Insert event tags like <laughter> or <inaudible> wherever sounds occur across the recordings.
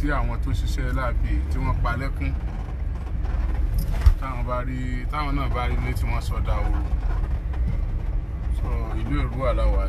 tí àwọn tó ṣiṣẹ́ láàbì tí wọ́n pa lẹ́kún táwọn bá rí táwọn náà bá rí ilé tí wọ́n sọdá ooru so ìlú Èrúwà la wà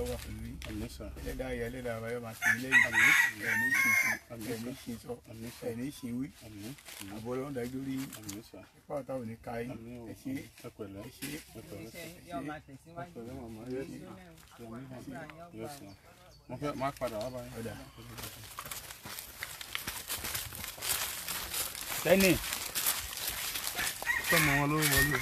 lọ́wọ́ ẹ̀dá ayé ẹlẹ́dàá àbáyọ máa fi lẹ́yìn ẹ̀mí ẹ̀mí ṣìṣọ ẹ̀mí ṣìwí àbọ̀lọ́ dájú rí ipá ọ̀tá òní ká yín ẹ̀ṣẹ́ ẹ̀pẹ̀lẹ́ ẹ̀ṣẹ́ ẹ̀ṣẹ́ mo fẹ́ máa padà wá báyìí. lẹ́nìí tọ́mọ wọn ló wọlé.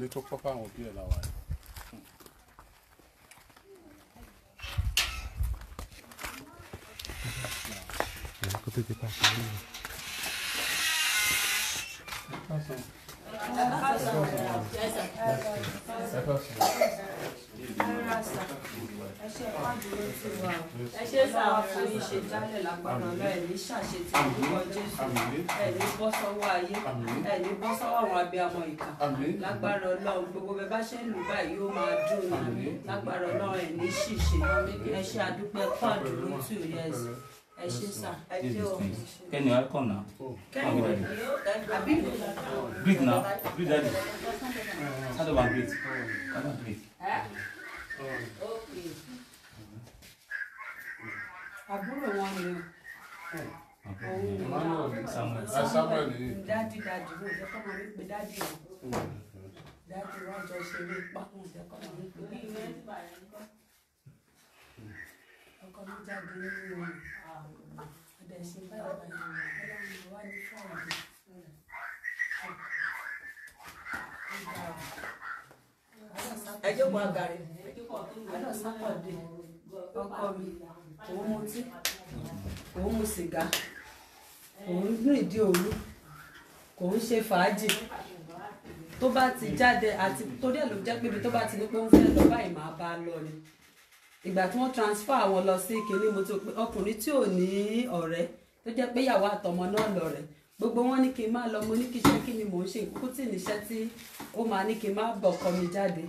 ilé pas kọ́ fáwọn pas. Ça làwọn àyè. kó tó pas Ça àṣírí ça. pas. ayé ẹni bọ́ sọ́wọ́ àwọn abiyamọ ìka lágbára ọlọ́run gbogbo bẹ́ẹ̀ bá ṣe ń lù báyìí yóò máa dùn ní lágbára ọlọ́run ẹ̀ ṣìṣe ẹ ṣe àdúpẹ́ pàdé ló tù yẹ ẹ ṣe sà ẹ jẹ́ o. kẹ́ni wàá kàn náà kàn mí dàdí greet náà greet dàdí sadova greet sadova greet. àbúrò wọn ni. Samuel ni. Dádì dádì mo jẹ́ kọ́mọ mi pé dádì o. Dádì wa jọ ṣeré pa mo jẹ́ kọ́mọ mi pé bí ilé ọkọ mi jáde nínú wọn. Ọ̀dà ìṣe báyìí báyìí ọlọ́run wá ní fọ́ọ̀mù. Ẹ jókòó àgàrí. Ẹ lọ sápọ̀ dé ọkọ mi. Òun mu tí, òun mu sìgá kò ń lù ìdí òru kò ń ṣe fàájì tó bá ti jáde àti torí ẹ̀ ló jẹ́ pé ibi tó bá ti ní pé ń fẹ́ lọ báyìí máa bá a lọ ni ìgbà tí wọ́n transfer wọn lọ sí kinní mo ti pé ọkùnrin tí ò ní ọ̀rẹ́ tó jẹ́ pé ìyàwó àtọmọ náà lọ rẹ̀ gbogbo wọn ní kí n máa lọ mo ní kí iṣẹ́ kí ni mò ń ṣe kú tì níṣẹ́ tí ó máa ní kí n má bọ̀kọ mi jáde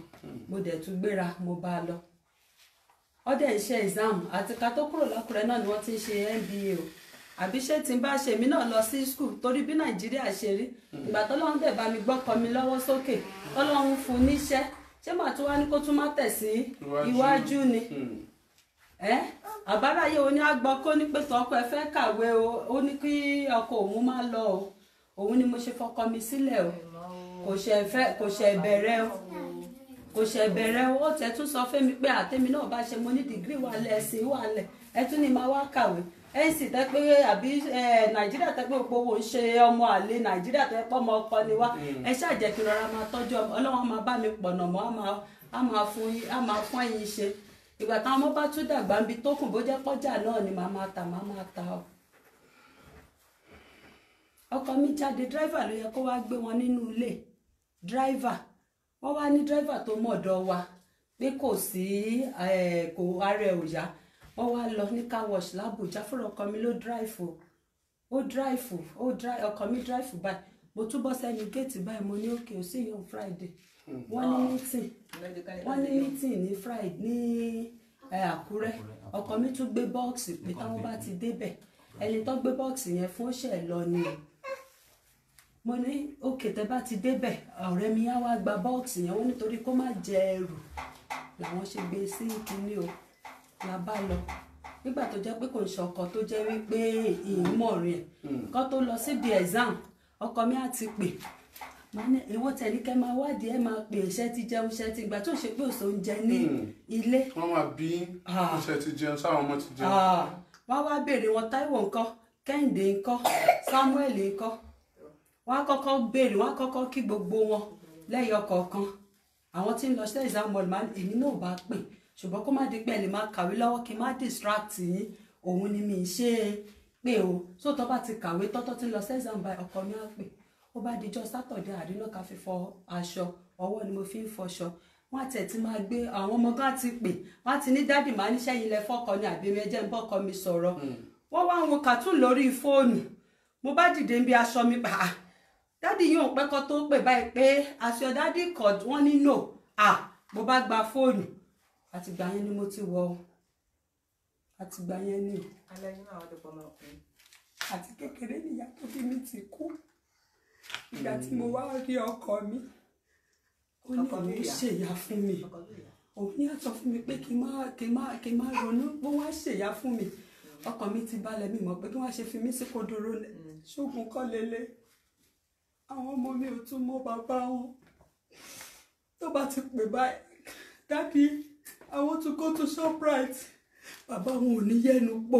mo dẹ̀ tún gbéra mo bá a lọ ọdẹ ń ṣe exam àti ká tó kúrò lọ́kùnrin náà ni wọ́n ti ń ṣe MBA o àbí ṣé tí n bá ṣe èmi náà lọ sí skul torí bí nàìjíríà ṣe rí hmm. ìgbà tọ́lọ́run dẹ̀ bá mi gbọ́kọ mi lọ́wọ́ sókè tọ́lọ́run fún níṣẹ́ ṣé màá tún wá ní kó tún má tẹ̀ sí iwájú ni hmm. àbáráyé o ní agbọ́ kó ní pé tọ́kọ ẹ fẹ́ kàwé o ó ní kí ọkọ òun má lọ o òun ni mo ṣe fọkọ mi sílẹ̀ o kò ṣe bẹ̀rẹ̀ o kò ṣe bẹ̀rẹ̀ o ó tẹ̀ tún sọ fẹ́mi pé àtẹ́mi náà bá ṣe mo ní dìgírì wà lẹ̀ wà lẹ̀ ẹ tún ní máa wá kàwé nc tẹ pé àbí nàìjíríà tẹ pé gbogbo ń ṣe ọmọ àlè nàìjíríà tẹ pé ọmọ ọkọ ni wá mm. ẹ ṣáà jẹ́ kí rọra máa tọ́jú ọmọ ọlọ́wọ́n máa bá mi fún yín á máa fún ṣe ìgbà táwọn ọmọ bá tún dàgbà ń bi tó náà ni màá máa tà màá máa ta ọkọ mi jáde ló yẹ kó wá gbé wọn nínú ilé wá ní tó wa pé kò sí ẹ̀ wọ́n wá lọ ní car wash l'Abuja fúnra ọkọ mi ló drive o ó drive ó drive ọkọ mi drive báyìí mo túbọ̀ sẹ́nu géètì báyìí mo ní òkè ó sì yan Friday hmm. wọ́n ní ah. meeting wọ́n ní meeting ní Friday ní eh, Àkúrẹ́ ọkọ mi tún gbé bọ́ọ̀sì pé táwọn bá ti débẹ̀ ẹni tó gbé bọ́ọ̀sì yẹn fún ṣẹ̀ lọ ni mo ní òkè tẹ́ bá ti débẹ̀ ọ̀rẹ́ mi á wá gba bọ́ọ̀sì yẹn wọ́n nítorí kó má jẹ ẹrù làwọn ṣe gbé sí kinní o la bá lọ nígbà tó jẹ́ pé kò ń ṣe ọkọ tó jẹ́ wípé ìmọ̀ rẹ̀ hmm. kó tó lọ síbi exam ọkọ mi á ti pè ìwọ tẹ̀lé kẹ́ máa wádìí ẹ̀ máa pè iṣẹ́ ti jẹun iṣẹ́ ti gbà tó ṣe pé òṣò ń jẹ ní hmm. ilé. wọ́n máa bí iṣẹ́ ah. ti jẹun sáwọn ọmọ ti jẹun. Ah. wọ́n wá béèrè wọn Táíwò ńkọ́ Kẹ́hìndé ńkọ́ Samuel ńkọ́ wọ́n á kọ́kọ́ béèrè wọ́n á kọ́kọ́ kí gbogbo wọn lẹ́yìn ọkọ̀ọ̀kan àwọn tí ń lọ sí exam hall èmi náà bá pè é ṣùgbọ́n kó má di pé ẹ lè máa kàwé lọ́wọ́ kí n má distract yín òun ni mi ṣe é pé o so tó bá ti kàwé tọ́tọ́ ti lọ sẹ́sàn bá ọkọ mi á pè ó bá dijọ́ sátọ̀dẹ̀ àdínà ká fi fọ aṣọ ọwọ́ ni mo fi ń fọṣọ wọn àti ẹ̀ ti máa gbé àwọn ọmọ kan ti pè wọn àti ní dádì máa níṣẹ́ yìí lẹ fọ́kọ ni àbí ẹjẹ́ ń bọ́kọ mi sọ̀rọ̀ hmm. wọ́n wá àwọn cartoon lórí fóònù mo bá dìde ń bí aṣọ mi pa dádì yóò pẹ́kọ́ tó pè báyìí pé aṣọ dádì kọ̀ wọ́n ní no ah mo bá gba fóònù àtìgbà yẹn ni mo ti wọ ọ àtìgbà yẹn ni o. alẹ́ yín àwọn ọdún pọ̀mọ́ ọkùnrin. àti kékeré nìyá tó bí mi ti kú ìgbà tí mo hmm. wá rí ọkọ mi ó ní òun ṣèyà fún mi òun ní àtọ fún mi pé kí n má kí n má kí n má ronú bó wá ṣèyà fún mi hmm. ọkọ mi ti balẹ̀ mi mọ̀ pé kí wọ́n ṣe fi mí sí kodoro hmm. ṣóògùn kọ́ lélẹ̀ àwọn ọmọ mi ò tún mọ bàbá wọn tó bá ti pè báyìí dábìí. I want to go to Shoprite bàbá wọn ò ní yẹnu pò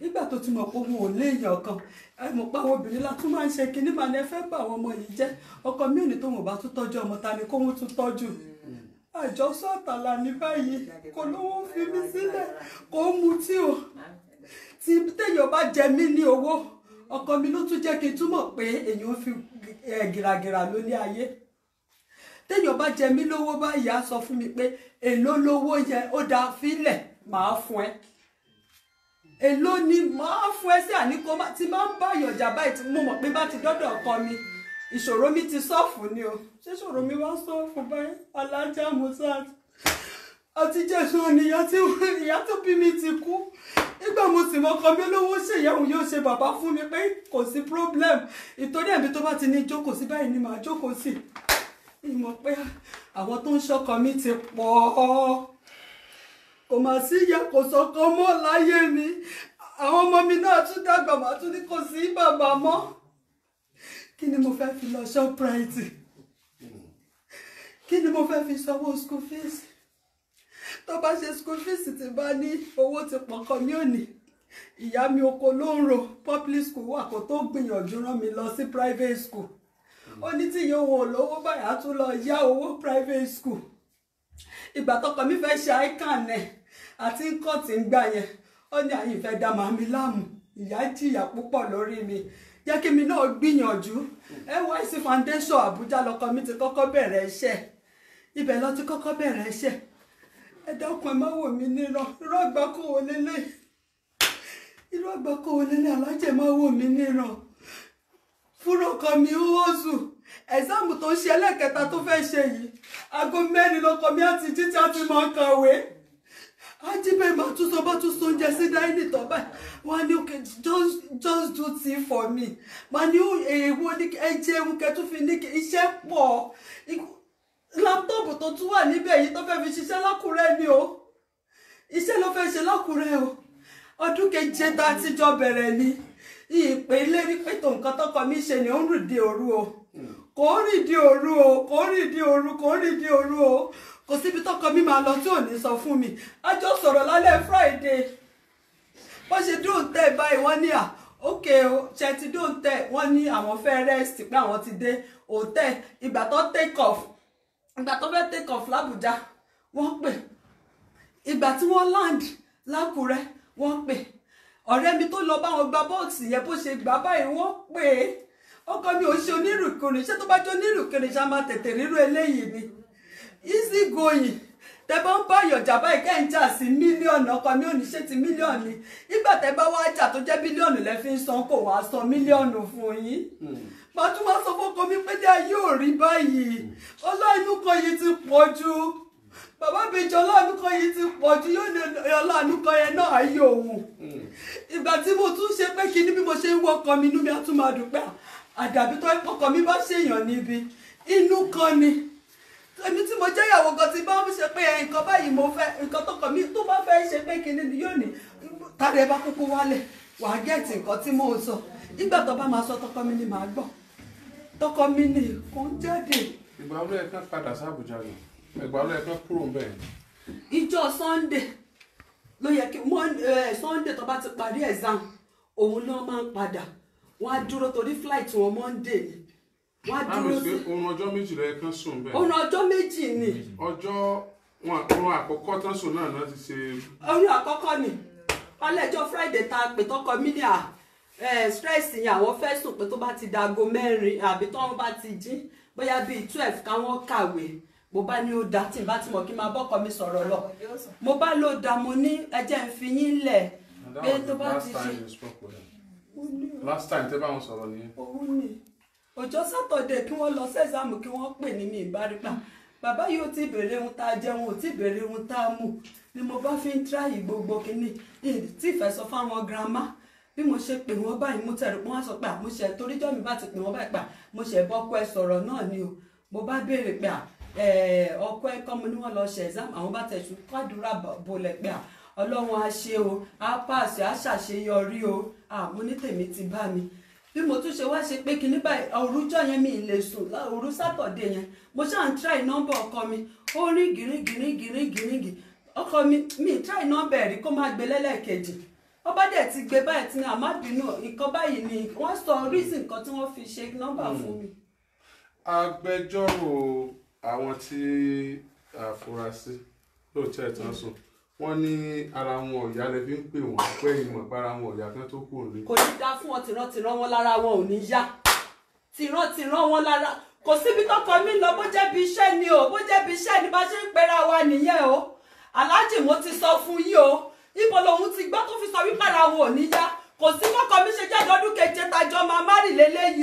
nígbà tó ti mọ̀ pé wọn ò léèyàn kan àìmọ̀ pé àwọn obìnrin la tún máa ń ṣe kinní màá ní ẹ fẹ́ bá àwọn ọmọ yìí jẹ́ ọkọ mi ò ní tó wọn bá tún tọ́jú ọmọ ta ni kó wọn tún tọ́jú àjọ sọ̀tàlà ní báyìí kò lówó fi mí sílẹ̀ kò ń mutí o tí téèyàn bá jẹ mí ní owó ọkọ mi ló tún jẹ́ kí n túmọ̀ pé èèyàn fi gìràgìrà lólé ayé téèyàn bá jẹ mí lówó bá ìyá sọ fún mi pé èló lówó yẹn ó dáa fílẹ̀ màá fún ẹ èló ni màá fún ẹ sí àníkó tí máa ń bá ìyànjà báyìí tí mo mọ̀ pé bá ti dọ́dọ̀ ọkọ mi ìṣòro mi ti sọ́ọ̀fù ni o ṣé ìṣòro mi wá sọ́ọ̀fù báyìí alájà Musat àti jésù oníyà tí ìyá tó bí mi ti kú nígbà mo sì mọ ọkọ mi olówó ṣèyẹ̀wò yóò ṣe bàbá fún mi pé kò sí problem ìtorí ẹ̀mí tó bá ti ní jókòó sí báyìí ni màá jókòó sí ìmọ̀ pé àwọn tó ń ṣọkọ mi ti pọ̀ kò mà sí ìyá kò sọkọ mọ́ láyé mi àwọn ọmọ mi náà tún dàgbà mà tún ní kò sí bàbá mọ́ kí ni mo fẹ́ fi lọ Shoprite kí ni mo fẹ́ fi sanwó school fees tó bá ṣe school fees ti bá ní owó ti pọ̀kọ ní òní ìyá mi oko ló ń ro public school wà kó tó gbìyànjú rán mi lọ sí private school Oni ti tí ìyẹn òun ò lówó báyà tún lọ private school ìgbà tọkọ mi fẹ́ ṣe icon ẹ̀ àti nǹkan tí ń gbà yẹn ó ní àyè ìfẹ́ dá màmí láàmú ìyá jìyà púpọ̀ lórí mi ya kí mi náà gbìyànjú NYSC foundation Àbújá lọkọ mi ti kọ́kọ́ bẹ̀rẹ̀ iṣẹ́ ibẹ̀ lọ ti kọ́kọ́ bẹ̀rẹ̀ iṣẹ́ ẹ dákun ẹ má wò mí níran irọ́ àgbákò wọlé lé irọ́ àgbákò wọlé lé alájẹ má wò mí níran fúrọ̀kọ mi Uwozu ẹ̀sáàmù tó ṣe ẹlẹ́kẹta tó fẹ́ ṣe yìí aago mẹ́rin lọkọ mi àti jíjá ti máa kàwé ajibe ma tún sọ bá tún sọ oúnjẹ sí dáínì tó báyìí wọ́n ní okay just just do tea for me ma ní èèwọ̀ ní ẹjẹ ewu kẹtún fi ní iṣẹ́ pọ̀ láptọ̀pù tó tún wà níbẹ̀ yìí tó fẹ́ fi ṣiṣẹ́ lákùrẹ́ ni o iṣẹ́ ló fẹ́ ṣe lákùrẹ́ o ọdún keje tá a ti jọ bẹ̀rẹ̀ ni ìpè ilé rí pé tó nǹkan tọkọ mi ṣe ni ó ń rìndí hmm. òru o kò ń rìndí òru o kò ń rìndí òru kò ń rìndí òru o kò síbi tọkọ mi máa lọ tí ò ní sọ fún mi a jọ sọ̀rọ̀ lálẹ́ Friday bó ṣe dùn tẹ́ báyìí wọ́n ní à ókè o ṣe ti dùn tẹ́ wọ́n ní àwọn fẹ́ rest pé àwọn ti dé hotel ìgbà tó take off ìgbà tó fẹ́ take off l'Abuja wọ́n pè ìgbà tí wọ́n land l'Ákúrẹ́ wọ́n pè ọ̀rẹ́ mi tó lọ bá wọn gba bọ́ọ̀sì yẹn bó ṣe gbà báyìí wọ́n pè é ọkọ mi ò ṣe onírùkìrì ṣé tó bá jẹ́ onírùkìrì ṣá máa tètè rírú eléyìí ni easy going tẹ bá ń bá ìyọ̀jà báyìí kẹ́ ń jà sí mílíọ̀nù ọkọ mi ò ní ṣe ti mílíọ̀nù ni nígbà tẹ bá wá jà tó jẹ́ bílíọ̀nù lẹ fi ń san kò wá san mílíọ̀nù fún yín màá tún wá sọ fọ́kọ mi pé dé ayé ò rí báyìí ọlọ́inú kan yìí ti pọ̀ jù bàbá ìbejì ọlọ́ọ̀nùkọ yìí ti pọ̀ ju yóò ní ọlọ́ọ̀nùkọ yẹn náà ayé òun hmm. ìgbà tí mo tún ṣe pé kí ni bí mo ṣe ń wọkọ mi inú mi á tún máa dùn pé àdàbí tó ọkọ mi bá ṣèyàn níbi inú kan ni èmi tí mo jẹ́yàwó kan ti bá ń ṣe pé nǹkan báyìí mo fẹ́ nǹkan tó kàn mí tó bá fẹ́ ṣe pé kí ni yóò ní tàdé bá kúkú wálẹ̀ wàá gẹ̀ẹ́tì nǹkan tí mò ń sọ nígbà tó bá máa sọ tọkọ mi ni màá gbọ́ tọkọ mi ni kò ń jáde. ìgbà wo ló yẹ ká padà sí Àbújá yìí ẹgbàá ló yẹ fẹ́ kúrò ń bẹ̀. ìjọ sunday ló yẹ kí sunday tó bá ti parí exam òun náà máa ń padà wọn á dúró torí flight wọn monday ni wọn á dúró sí. oorun ọjọ́ méjì ló yẹ kán sùn bẹ́ẹ̀. oorun ọjọ́ méjì ni. ọjọ́ oorun àkọ́kọ́ tán sùn náà náà ti ṣe. oorun àkọ́kọ́ ni kọ́lẹ́jọ́ friday tá a pè tọkọ mí ní à stress yẹn àwọn fẹ́ sùn pé tó bá ti dago mẹ́rin àbí tó wọn bá ti jí bóyá bíi twelve káwọn kàwé mo bá ní ó da tí n bá ti mọ̀ kí n máa bọ́kọ mi sọ̀rọ̀ lọ mo bá ló da mo ní ẹjẹ́ ń fi yín lẹ̀ pé tó bá ti ṣe. last time tẹ́ bá wọn sọ̀rọ̀ nìyẹn. òun ni ọjọ́ sátọ̀dẹ̀ kí wọ́n lọ sẹ́sàmù kí wọ́n pè ní mi ìbáríkà bàbá yóò ti bèrè ohun tá a jẹun ò ti bèrè ohun tá a mú ni mo bá fi ń tíráyì gbogbo kínní tí ìfẹ́ sọ fáwọn girama bí mo ṣe pè wọ́n báyìí mo tẹ̀rù pé wọ́n sọ pé àmúṣe toríjọ́ mi bá ti pè wọ́n báyìí pa mo ṣe bọ́kọ ẹ sọ̀rọ̀ náà ni o mo bá béèrè pé à ọkọ ẹ̀kọ́ mo ní wọ́n lọ ṣe exam àwọn bá tẹ̀sù kádùúrà bolẹ̀ pé à ọlọ́run á ṣe o á pàṣẹ á ṣàṣeyọrí o àmọ́ ní tèmi ti bá mi bí mo tún ṣe wá ṣe pé kinní báyìí òrùjọ yẹn mi lè sùn òru sátọ̀dé yẹn mo ṣáà ń try nọ́mbà ọkọ mi ó rìn gírígírígírígírígì ọkọ mi mi try nọ́mbà ẹ̀rí kó máa gbé lẹ́lẹ́kejì ọba dẹ̀ ti gbé báyìí tí ní àmàbínú nǹkan báyìí ni wọ́n sọ reason kan tí wọ́n fi ṣe nọ́mbà hmm. fún mi. agbẹjọ́rò àwọn tí àfúrásì lóòótọ́ ẹ̀ tán sùn wọ́n ní ara wọn ọ̀yà lè fi ń pè wọ́n pé ìmọ̀ para wọn ọ̀yà kan tó kù ní. kò ní dá fún ọ tìrantìran wọn lára wọn ò ní yá tìrantìran wọn lára kò síbi tọkọ mi lọ bó jẹ́ bí iṣẹ́ ni o bó jẹ́ bí iṣẹ́ ni bá ṣe ń pera wa nìyẹn o aláàjì mo ti sọ fún yín o ibo lòun ti gbọ́ tó fi sọ wípé ara wọn ò ní yá kò sí kọ́kọ́ mi ṣe jáde ọdún keje tàjọ máa má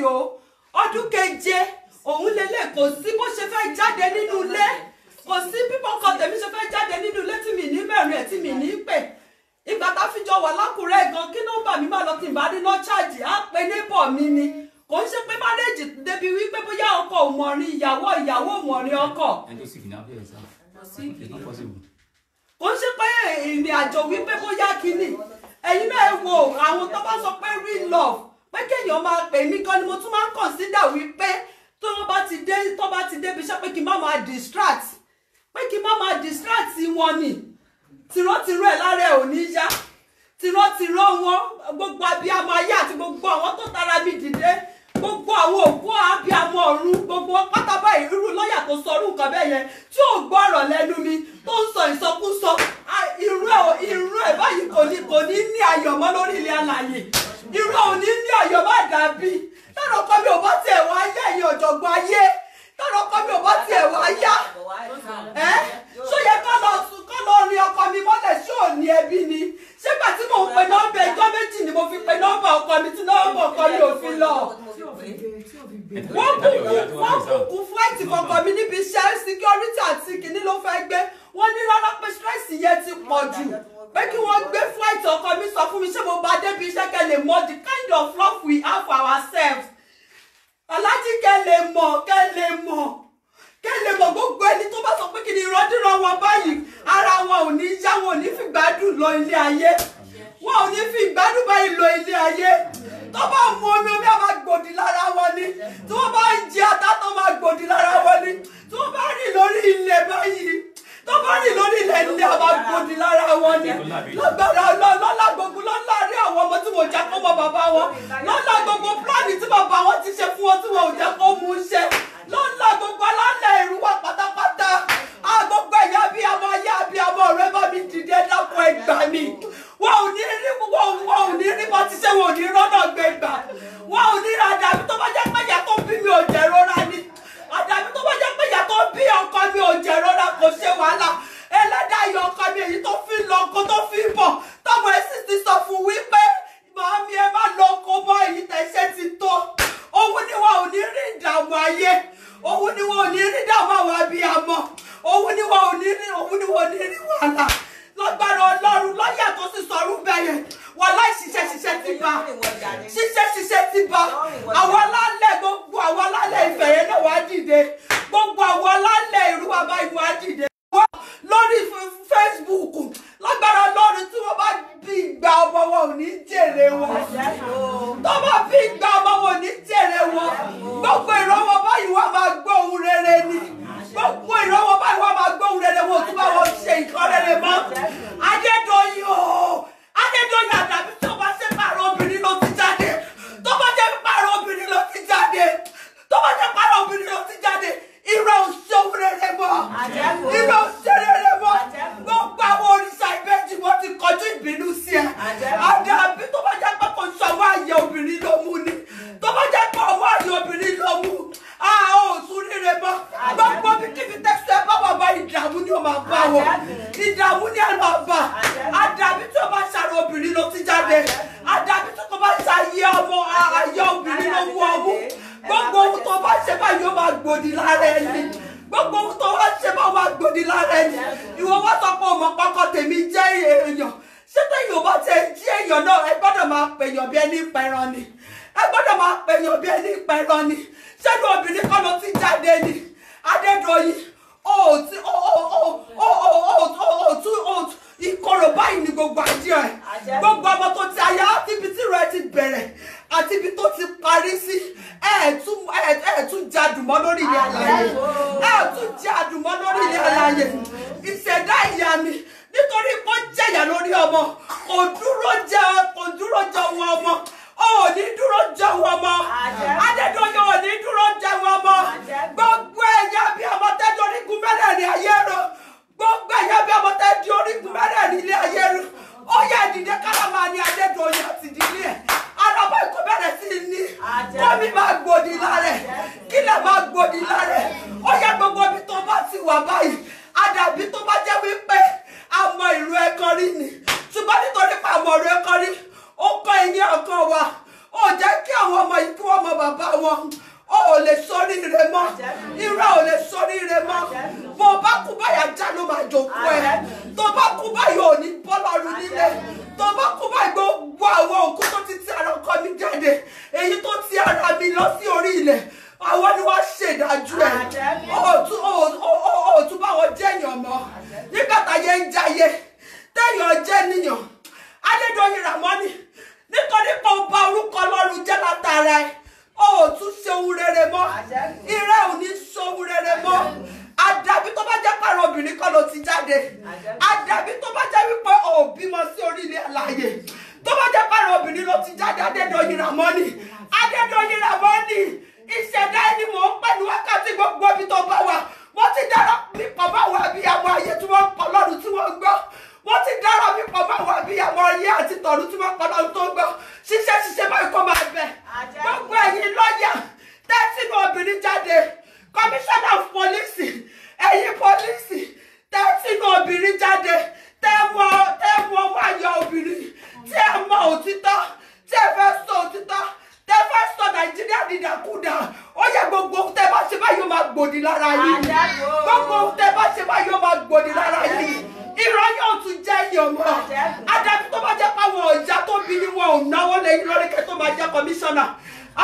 o ọdún keje òun lélẹ̀ kò sí bó ṣe fẹ́ jáde nínú ilé kò sí bíbọ̀ kan tèmi ṣe fẹ́ jáde nínú ilé tí mi ní mẹ́rin ẹ̀ tí mi ní pè ìgbà tá a fi jọ wà lákùrẹ́ gan kí nọ́mbà mi máa lọ kí n bá níná ṣáàjì á pe nébọ̀ mi ni kò ń ṣe pé mánéèjì débi wípé bóyá ọkọ ò mọ̀rin ìyàwó ìyàwó ò mọ̀rin ọkọ. kò ń ṣe pé ìrìn àjò wípé bóyá kínní ẹ̀yin náà wo àwọn tó bá sọ pé real love pé kéèyàn máa pè mí gan ni mo tún máa ń consider wípé tó bá ti dé tó bá ti débi iṣẹ́ pé kí n má máa distract pé kí n má máa distract wọn ni tìrọ́tìrọ́ ẹ̀ lára ẹ̀ ò ní yá tìrọ́tìrọ́ wọn gbogbo abiyamọ ayé àti gbogbo àwọn tó tara mi dìde gbogbo àwọn òkú àbíamọ ọ̀run gbogbo pátá báyìí irú lọ́ọ̀yà tó sọ irú nǹkan bẹ́ẹ̀ yẹn tí ò gbọ́ ọ̀rọ̀ lẹ́nu mi tó ń sọ ìsọkúsọ irú ẹ̀ irú ẹ̀ báyìí kò ní kò ní ní ayọ̀ mọ́ lórí ilé alàyè irú ẹ̀ ò ní ní ayọ̀ tọrọ ọkọ mi ò bá tiẹ̀ wá yá ẹ ṣó yẹ kọ́ lọ sùn kọ́ lọ rin ọkọ mi mọ́lẹ̀ ṣé ò ní ẹbí ni ṣé tí mò ń pe nọ́mbà ẹjọ́ méjì ni mo fi pe nọ́mbà ọkọ mi tí nọ́mbà ọkọ mi ò fi lọ wọ́n bùkún wọ́n bùkún fúláìtì mi níbi iṣẹ́ security àti kìnní ló fẹ́ gbé wọ́n ní rárá pé stress yẹn ti pọ̀ jù pé kí wọ́n gbé fúláìtì ọkọ mi sọ fún mi ṣé mo bá débi iṣẹ́ kẹ́ lè the kind of love we have for ourselves aláàjì kẹ́ lè mọ̀ kẹ́ lè mọ̀ kẹ́ lè mọ̀ gbogbo ẹni tó bá sọ pé kí ni ìrọ́dúnrọ́ wọn báyìí ara wọn ò ní yá wọn ò ní fi gbádùn lọ ilé ayé wọn ò ní fi gbádùn báyìí lọ ilé ayé tó bá mu omi omi àbá gbòdì lára wọn ni tí wọ́n bá ń jẹ ata tó máa gbòdì lára wọn ni tí wọ́n bá rìn lórí ilẹ̀ báyìí tó lórí ilẹ̀ ilé a lára wọn ni lọ́gbàrá lọ́lá gbogbo lọ́lá rí àwọn ọmọ tí wọ́n jà kó mọ bàbá wọn lọ́lá gbogbo pílánì tí bàbá wọn ti ṣe fún wọn tí wọ́n jà kó mú ṣe lọ́lá gbogbo alálẹ̀ ìrú wa pátápátá agbogbo ẹ̀yà bí ọmọ ayé àbí ọmọ ọ̀rẹ́ bá mi dìde dákun ẹgbà mi wọn ò ní rí wọn ò ní rí bọ́ ti ṣe wọn ò ní rọ́nà gbẹgbà wọn ò ní rà dàbí tó bá jẹ́ pẹ́yà tó bí mi ò jẹ́ rọra ni àdàbí tó bá jẹ́ pé ìyá tó bí ọkọ mi ò jẹ́ rọra kò ṣe wàhálà ẹlẹ́dàáyọ̀ ọkọ mi èyí tó fi lọ oko tó fi bọ̀ tọ́mọ ẹ sì ti sọ fún wípé màámi ẹ má lọ oko bọ́ èyí tẹ̀sẹ̀ ti tó òun ni wọn ò ní rí ìdààmú ayé òun ni wọn ò ní rí ìdààmú àwọn abiyamọ òun ni wọn ò ní rí òun ni wọn ò ní rí wàhálà lágbára ọlọ́run lọ́yà tó sì sọ̀rọ̀ bẹ̀yẹn wà láì ṣiṣẹ́ ṣiṣẹ́ ti bá ṣiṣẹ́ ṣiṣẹ́ ti bá àwọn alálẹ̀ gbogbo àwọn alálẹ̀ ìfẹ̀yẹ́ náà wá dìde gbogbo àwọn alálẹ̀ ìrú bàbá ìwà dìde wọ́n lórí Facebook lágbára lórí tí wọ́n bá bí ìgbà ọmọ wọn ò ní jèrè wọn tó bá bí ìgbà ọmọ wọn ò ní jèrè wọn gbogbo ìrànwọ́ báyìí wọ́n máa gbọ́ ohun rere ni gbogbo ìrànwọ́ báyìí wọ́n máa gbọ́ ohun rere wọn ò tún bá wọn ṣe nǹkan rere mọ́ Adédoyin o Adédoyin àdàbí tó bá ṣe pààrọ̀ obìnrin ló ti jáde tó bá jẹ́ pààrọ̀ obìnrin ló ti jáde tó bá jẹ́ pààrọ̀ obìnrin ló ti jáde ìrọ̀ òṣèwé jáde èyí tó ti ara mi lọ sí orí ilẹ̀ àwọn ni wọ́n ṣèdájú ẹ̀ ọ̀tún bá wọn jẹ́yàn mọ́ nígbà táyé ń jayé téèyàn jẹ́ níyàn Adédọ́yìn Ràmọ́nì nítorí pé o bà orúkọ Ọlọ́run jẹ́ látara ẹ̀ o ò tún ṣe ohun rere mọ́ irẹ́ ò ní ṣe ohun rere mọ́ àdàbí tó bá jẹ́ pàrọ̀ obìnrin kọ́ ló ti jáde àdàbí tó bá jẹ́ wípé o ò bímọ sí orílẹ̀ àlàyé tó bá jẹ́ pàrọ̀ obìnrin ló ti jáde Adédoyin Ramoni Adédoyin Ramoni ìṣẹ̀dá ẹni mò ń pè ní wákàtí gbogbo ibi tó bá wà mo ti dára mi pọ̀ bá wà bí àwọn ayé tí wọ́n pọ̀ lọ́rùn tí wọ́n gbọ́ mo ti dára mi pọ̀ bá wà bí àwọn ayé àti tọ̀run tí wọ́n pọ̀ lọ́rùn tó gbọ́ ṣiṣẹ́ ṣiṣẹ́ báyìí kó máa bẹ̀ gbogbo ẹ̀yin lọ́ọ̀yà tẹ́tínú obìnrin jáde commissioner of police ẹ̀yin police tẹ́tínú obìnrin jáde tẹ́wọ́ tẹ́wọ́ wáyà obìnrin tí ẹ mọ òtítọ́ tí ẹ fẹ́ sọ òtítọ́ tẹ fẹ́ sọ nàìjíríà dìdàkudà ó yẹ gbogbo ohun tẹ bá ṣe báyìí ó máa gbòdì lára yìí gbogbo ohun tẹ bá ṣe báyìí ó yóò tún jẹ́ èèyàn mọ́ adarí tó bá jẹ́ pàwọn ọ̀já tó bí ni wọn ò náwó lẹ́yìn lórí kẹ́ tó máa jẹ́ kọmíṣánná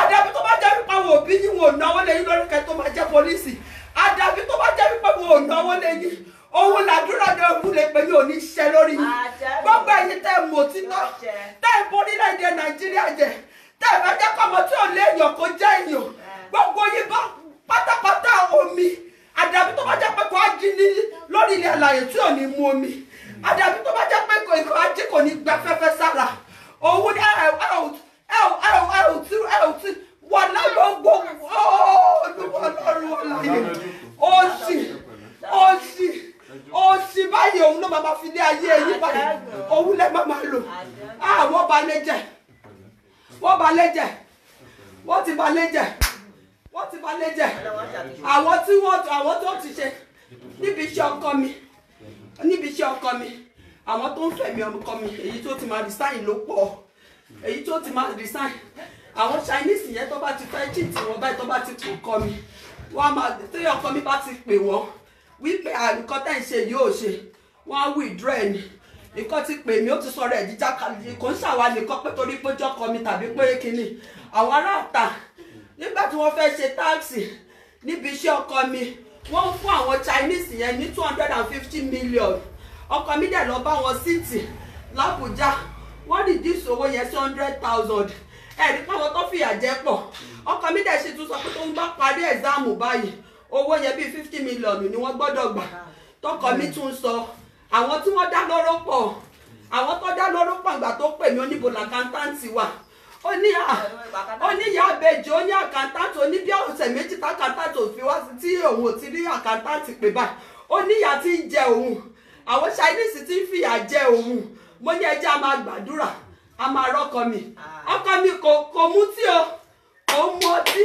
adarí tó bá jẹ́ pàwọn òbí ni wọn ò náwó lẹ́yìn lórí kẹ́ tó máa jẹ́ pólísì adarí tó bá jẹ́ pàwọn ò náwó lẹ́yìn òun làdúrà ní òkúlẹ̀ pé ní ṣẹ lórí yìí gbogbo ẹ̀yin tẹ́ mọ̀ títọ́ tẹ́ borílẹ̀-èdè nàìjíríà jẹ tẹ́ ẹ̀ fẹ́ jẹ́ kọ́mọ tí ò lé èèyàn kó jẹ́ èèyàn gbogbo yìí bá omi àdàbí tó bá jẹ́ pé kò á jí ní lórí mu omi àdàbí tó bá jẹ́ pé kò á jí kò owó lẹ́ má máa lò àwọn balẹ̀ jẹ́ wọ́n balẹ̀ jẹ́ wọ́n ti balẹ̀ jẹ́ wọ́n ti balẹ̀ jẹ́ àwọn tí wọ́n àwọn tó ti ṣe níbi iṣẹ́ ọkọ mi níbi iṣẹ́ ọkọ mi àwọn tó ń fẹ̀mí ọkọ mi èyí tó ti máa resign ló pọ̀ èyí tó ti máa resign àwọn Chinese yẹn tó bá ti fẹ́ cheat wọn báyìí tó bá ti kú ọkọ mi wọ́n á máa tí ọkọ mi bá ti pè wọ́n wípé àrùkọ́tẹ̀ ń ṣe yóò ṣe wọ́n á withdraw ẹni ikọ́ ti pè mí ó ti sọ̀rọ̀ ẹ̀ jíjá kalẹ̀ kò ń ṣàwa nìkan pé torí pé jọkọ mi tàbí pé kínní àwọn aráàta nígbà tí wọ́n fẹ́ ṣe táàsì níbi iṣẹ́ ọkọ mi wọ́n ń fún àwọn Chinese yẹn ní two hundred and fifty million ọkọ mi dẹ̀ lọ bá wọn síìtì l'Abuja wọ́n reduce owó yẹn sí hundred thousand ẹ̀rí pàwọn tó fìyà jẹ pọ̀ ọkọ mi dẹ̀ ṣe tún sọ pé tó ń bá parí ẹ̀záàmù báyìí owó yẹn bíi fifty million ni wọ́n gbọ́dọ̀ gbà tọkọ mi tún sọ àwọn tí wọ́n dá lóró pọ̀ àwọn tó dá lóró pọ̀ ìgbà tó pè mí oníbo làkántáǹtì wà ó ní à ó ní ìyá àbẹjọ ó ní àkántáǹtì ó ní bí ọ̀sẹ̀ méjì tákántáǹtì ò fi wá sí tí òun ò ti rí àkántáǹtì pè báyìí ó ní ìyá tí ń jẹ òun àwọn chinese tí ń fìyà jẹ òun mo ní ẹjẹ́ a máa gbàdúrà a máa rọ́kọ mi ọkọ mi kò kò mú tí o kò mú ọtí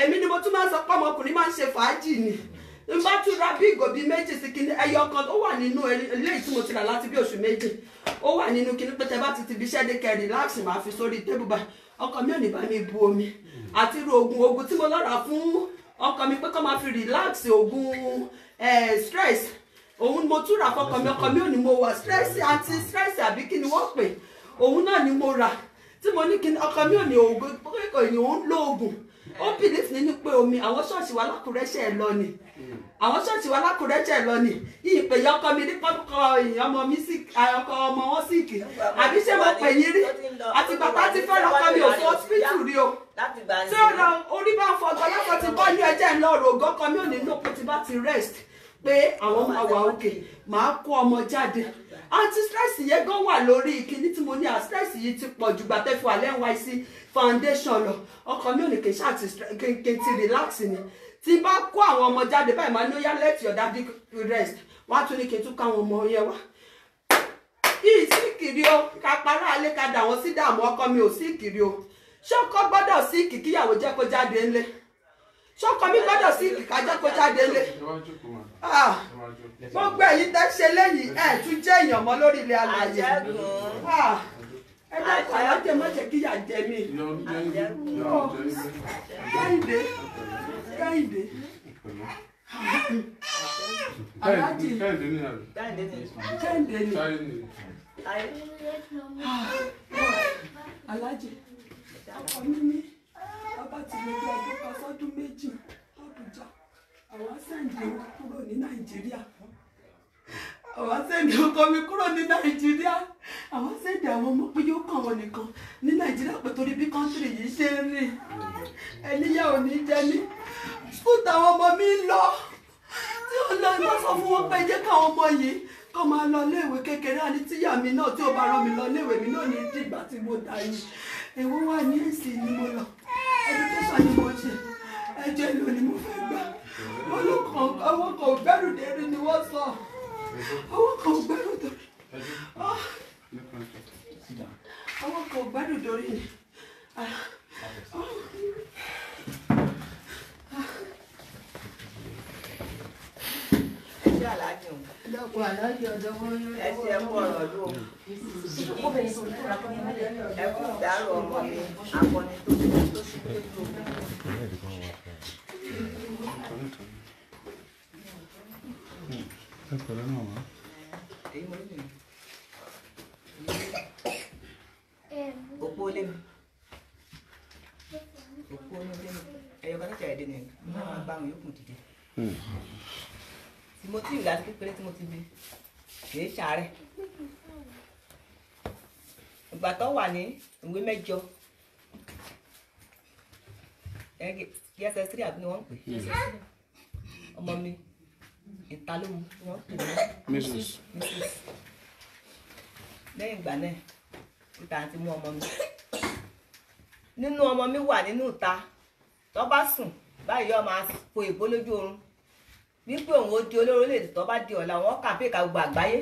èmi ni mo tún máa ń sọ pé ọmọkùnrin máa ń ṣe fàájì ni n bá tún ra bí ìgò bíi méjì sí kinní ẹyọ kan ó wà nínú eléyìí tí mo ti rà láti bí oṣù méjì ó wà nínú kinní pé tẹ bá ti ti bí iṣẹ́ dé kẹ relax máa fi sórí tébù bá ọkọ mi ò ní bá mi bu omi àti irú oògùn oògùn tí mo lọ rà fún ọkọ mi pé kó máa fi relax oògùn stress òun mo tún rà fọkọ mi ọkọ mi ò ní mo wà stress àti stress àbí kí ni wọ́n pè òun náà ni mo rà tí mo ní kí ọkọ mi ò ní oògùn pé kò ní òun lo oògùn ó bìlíf nínú pé omi àwọn ṣọ́ọ̀ṣì wa lákùrẹ́ṣẹ̀ ẹ̀ lọ ni àwọn ṣọ́ọ̀ṣì wa lákùrẹ́ṣẹ̀ ẹ̀ lọ ni ìpè yẹn ọkọ mi ní kọ́kọ́ ọmọ mi sí ọkọ ọmọ wọn sí ìkì àbí ṣé mo pè yín rí àti bàbá ti fẹ́ lọ́kọ mi ò fọ́ spiritu rí o ṣé ọ̀nà orí bá fọgbọ́ lọ́kọ̀ ti bọ́ ní ẹjẹ́ ńlọ rògọ́ kan mi ò ní lóko ti bá ti rest pé àwọn máa wà òkè máa kó ọmọ jáde àti stress yẹn gan wà lórí ìkíní tí mo ní à stress yìí ti pọ̀ jù gbàtẹ́ fún alẹ́ NYC foundation lọ ọkọ mi ò ní kí n ṣáà kí n ti relax ni tí bá kó àwọn ọmọ jáde báyìí máa ní ó yá let your daddy rest wá tún ní kí n tún káwọn ọmọ yẹn wá yìí sí kiri o ká pará alẹ́ ká dà wọ́n sí dààmú ọkọ mi ò sí kiri o ṣọ́kọ gbọ́dọ̀ sí kìkíyàwó jẹ́ kó jáde ńlẹ̀ ṣọ́kọ mi gbọ́dọ̀ sí kìkájẹ́ kó jáde ńlẹ̀. Ah, gbogbo ẹ̀yin tẹ́ ṣe lẹ́yìn ẹ̀ tún jẹ́ èèyàn mọ́ lórí ilẹ̀ alàyè ah, ẹ dákun alájẹ má jẹ́ kíyà jẹ mí kẹ́hìndé kẹ́hìndé alájì kẹ́hìndé ni alájì ọkọ mímí ọba ọdún kan sọ́dún méjì àwa sẹ́ǹdì owó kúrò ní nàìjíríà àwa sẹ́ǹdì ọkọ mi kúrò ní nàìjíríà àwa sẹ́ǹdì àwọn ọmọ pé yóò kàn wọ́n nìkan ní nàìjíríà pé torí bí kọ́ńtìrì yìí ṣe ń rìn ẹníyà ò ní jẹ mí skul táwọn ọmọ mi ń lọ tí ó lọ ẹ má sọ fún wọn pé jẹ́ káwọn ọmọ yìí kó máa lọ léèwé kékeré àní tíyà mi náà tí ó bá rán mi lọ léèwé mi náà ní dìgbà tí Better bẹ̀rù dèrè ni wọ́n sọ. Ó ìta ti mú ọmọ mi <coughs> nínú ọmọ mi wà nínú ìta tó bá sùn báyìí ọmọ àpò ìbò lójú oorun wípé òun ó di olóró léde tó bá di ọ̀la wọn kà pé ìka gbogbo àgbáyé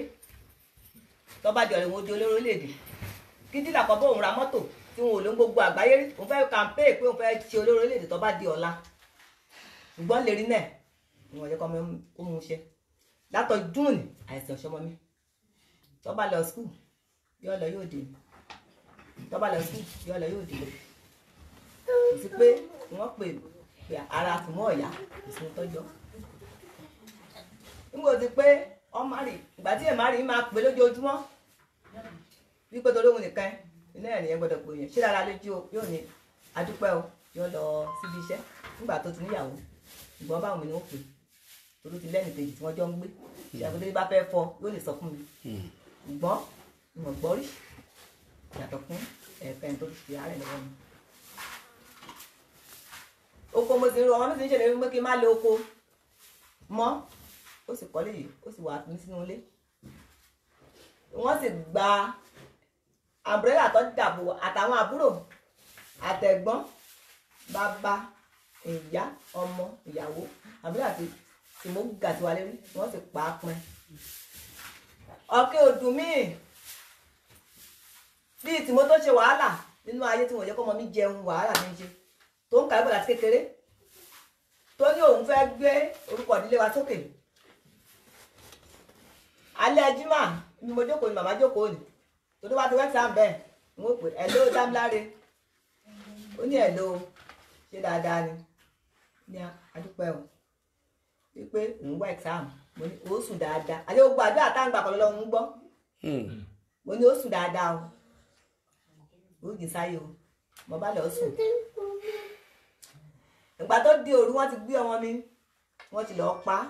tó bá di ọ̀la òun ó di olóró léde kí dídà kan bó òun ra mọ́tò tí òun ò ló ń gbogbo àgbáyé rí òun fẹ́ kàmpéè pé òun fẹ́ ṣe olóró léde tó bá di ọ̀la ṣùgbọ́n lè rí náà ìwọ̀n jẹ́ mi ó mú iṣẹ́ látọ̀ june àìsàn ọ̀ṣọ́mọ mi tó bá lọ school yóò lọ yóò dé mi tọ́ba lọ sí yọlẹ̀ yóò dìde àti pé wọ́n pè ara kò mọ̀ ọ̀yà ìsun tọ́jọ́ nígbà tí pé ọmọrì ìgbà tí èmárì máa pè lójoojúmọ́ wípé torí òun nìkan iná ẹ̀ nìyẹn gbọ́dọ̀ pè ṣé dára lójú yóò ní adúpẹ́ o yóò lọ síbi iṣẹ́ nígbà tó ti níyàwó ìgbọ́n báwọn mi ni wọ́n pè torí ti lẹ́nu kejì tí wọ́n jọ ń gbé ìyàgò bá fẹ́ fọ yóò lè sọ fún mi hmm. ìgbọ́n ìmọ̀ yàtọ̀ fún ẹ̀fẹ́ tó ti àárẹ̀ o mi. oko mo sì ń ro ọmọ mi sì ń ṣèlérí pé kí n má lo oko mọ́ ó sì kọ́lé ba abre sì wà mí sínú a puro sì gba àbúrẹ́là tó dàbò àtàwọn àbúrò àtẹ̀gbọ́n bàbá ìyá ọmọ ìyàwó àbúrẹ́là ti tìmọ̀ gàtiwálé rí wọ́n sì pa á bíi tìmọ́ tó ṣe wàhálà nínú ayé tí wọ́n jẹ́ kọ́mọ mi jẹun wàhálà mi ṣe tó ń kàwé bọ̀ láti kékeré tó ní òun fẹ́ gbé orúkọ ìdílé wa sókè alẹ́ jimá ni mo jókòó ni màmá jókòó ni torí wá ti wẹ́sà ń bẹ̀ ń wò pé ẹ̀ló dámláre ó ní ẹ̀ló ṣe dáadáa ni ní adúpẹ́ o wípé òun wá ẹ̀sáàmù mo ní o sùn dáadáa àti gbogbo àdúrà táwọn gbà kọ́ lọ́wọ́ ń gbọ́ hmm. mo ní o sùn dáadáa o ògì sáyé o mo bá lọ sùn ìgbà tó di òru wọ́n ti gbé ọmọ mi wọ́n ti lọ pa á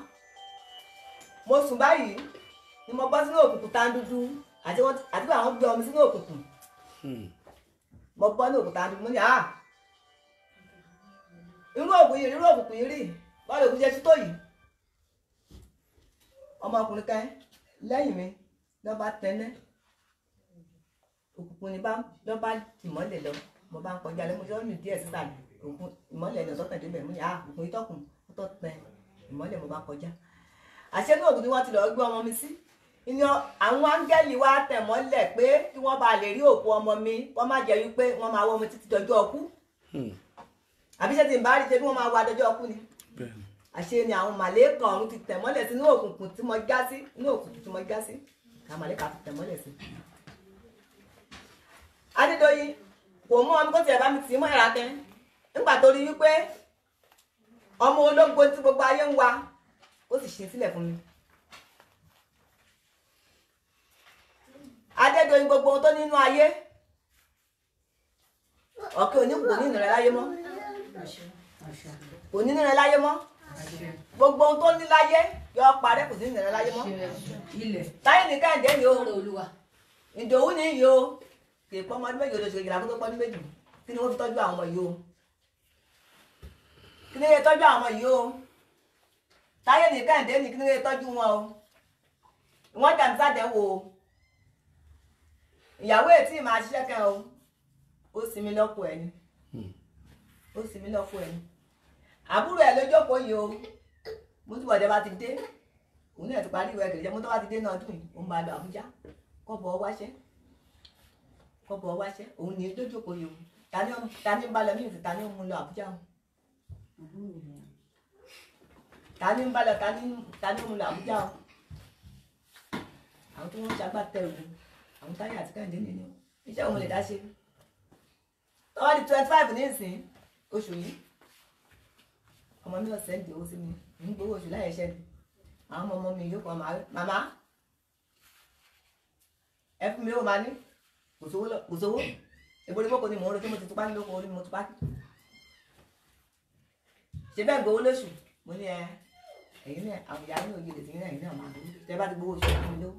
mo sùn báyìí ni mo bọ́ sínú òkùnkùn tá dúdú àti pé àwọn gbé ọmọ sínú òkùnkùn hmm. mo bọ́ ní òkùnkùn tá dúdú mo ní àá ah! irú òkùnkùn yìí irú òkùnkùn yìí rí bọ́ọ̀lù òkùnkùn yẹn ti tó yìí ọmọkùnrin kan lẹ́yìn mi lọ́ba tẹ́lẹ̀ mo ní bá lọ bá ìmọ́lẹ̀ lọ mo bá ń kọjá lọ mo ṣe ọ́nù díẹ̀ sísà òkun ìmọ́lẹ̀ lọ sọ́tàn débẹ̀ mo ní à ah, òkun ìtọ́kùn ó tọ́ tẹ ìmọ́lẹ̀ mo bá kọjá àṣẹ ní òkun ni wọ́n ti lọ gbé ọmọ mi sí ni àwọn áńgẹ́lì wa tẹ̀ mọ́lẹ̀ pé kí wọ́n bá lè rí òkú ọmọ mi wọ́n má jẹ́ wípé wọ́n máa wọ́ ọmọ títí dọjọ́ ọkú hmm. àbí ṣe ti ń bá rí ṣe bí wọ́n máa wá dọjọ́ ọkú ni àṣe ni àwọn màlẹ́kà ọ̀run ti tẹ̀ mọ́lẹ̀ sí inú òkùnkùn tí mo já sí inú òkùnkùn tí mo já sí àwọn màlẹ́kà ti tẹ̀ mọ́lẹ̀ sí i. Adédoyin kò mú ọmọ kó tiẹ̀ bá mi tì í mọ́ ìrà kẹ́ nígbà tó rí wípé ọmọ ológo tí gbogbo ayé ń wa ó sì ṣe sílẹ̀ fún mi. Adédoyin gbogbo ohun tó nínú ayé ọ̀kẹ́ òní kò nínú rẹ láyé mọ́ kò nínú rẹ láyé mọ́ gbogbo ohun tó ní láyé yọ parẹ́ kò sí nínú rẹ láyé mọ́ táyé nìkan ìdẹ́yìn o ìdòwú ni o kì í pọ́ ọmọ ọdún méjì olóṣèlú ìgbà tó pọ́ ọdún méjì kí ni wọ́n fi tọ́jú àwọn ọmọ yìí o kí ni wọ́n tọ́jú àwọn ọmọ yìí o táyé ní kẹ́hìndé ní kí ni wọ́n tọ́jú wọn o wọ́n jà ní sàdẹ̀wò o ìyàwó ètí máa ṣiṣẹ́ kẹ́ o ó sì mí lọ́kọ ẹ̀ ni hmm. ó sì mí lọ́kọ ẹ̀ ni àbúrò ẹ̀ lójókòó yìí o mo ti wọ̀dẹ̀ bá ti dé òun náà ti parí ìwé ẹ̀kẹ́lẹ́jẹ́ mo tó bá ti dé náà dùn òun máa lọ Àbújá kọ́ bọ̀ wáṣẹ́ kọ́bọ̀ wáṣẹ́ òun ní lójókòó yòówù ta ni ń bá lọ ní ìsìn ta ni ń mú lọ Àbújá òun ta ni ń bá lọ ta ni ń mú lọ Àbújá òun àwọn tí wọ́n ń ṣagbátẹrù àwọn táyà àti Kẹ́hìndé nínú iṣẹ́ òun lè dá ṣe tọ́wọ́ di twenty five ní ìsìn oṣù yìí ọmọ mi ọ̀sẹ̀ ń di owó sí mi ń gbowó oṣù láyé iṣẹ́ ni àwọn ọmọ mi yóò kọ́ màmá ẹ fún mi ó máa ní kò sówó lọ kò sówó èbó ni bókò ni mò ń retí mo ti tupá lóko orí mo tupá ṣe bẹ́ẹ̀ gbowó lóṣù mo ní ẹ ẹ̀yin náà àwọn ìyá yín òye lèsìn náà ẹ̀yin náà máa dúró tẹ́ bá ti gbowó oṣù àwọn olówó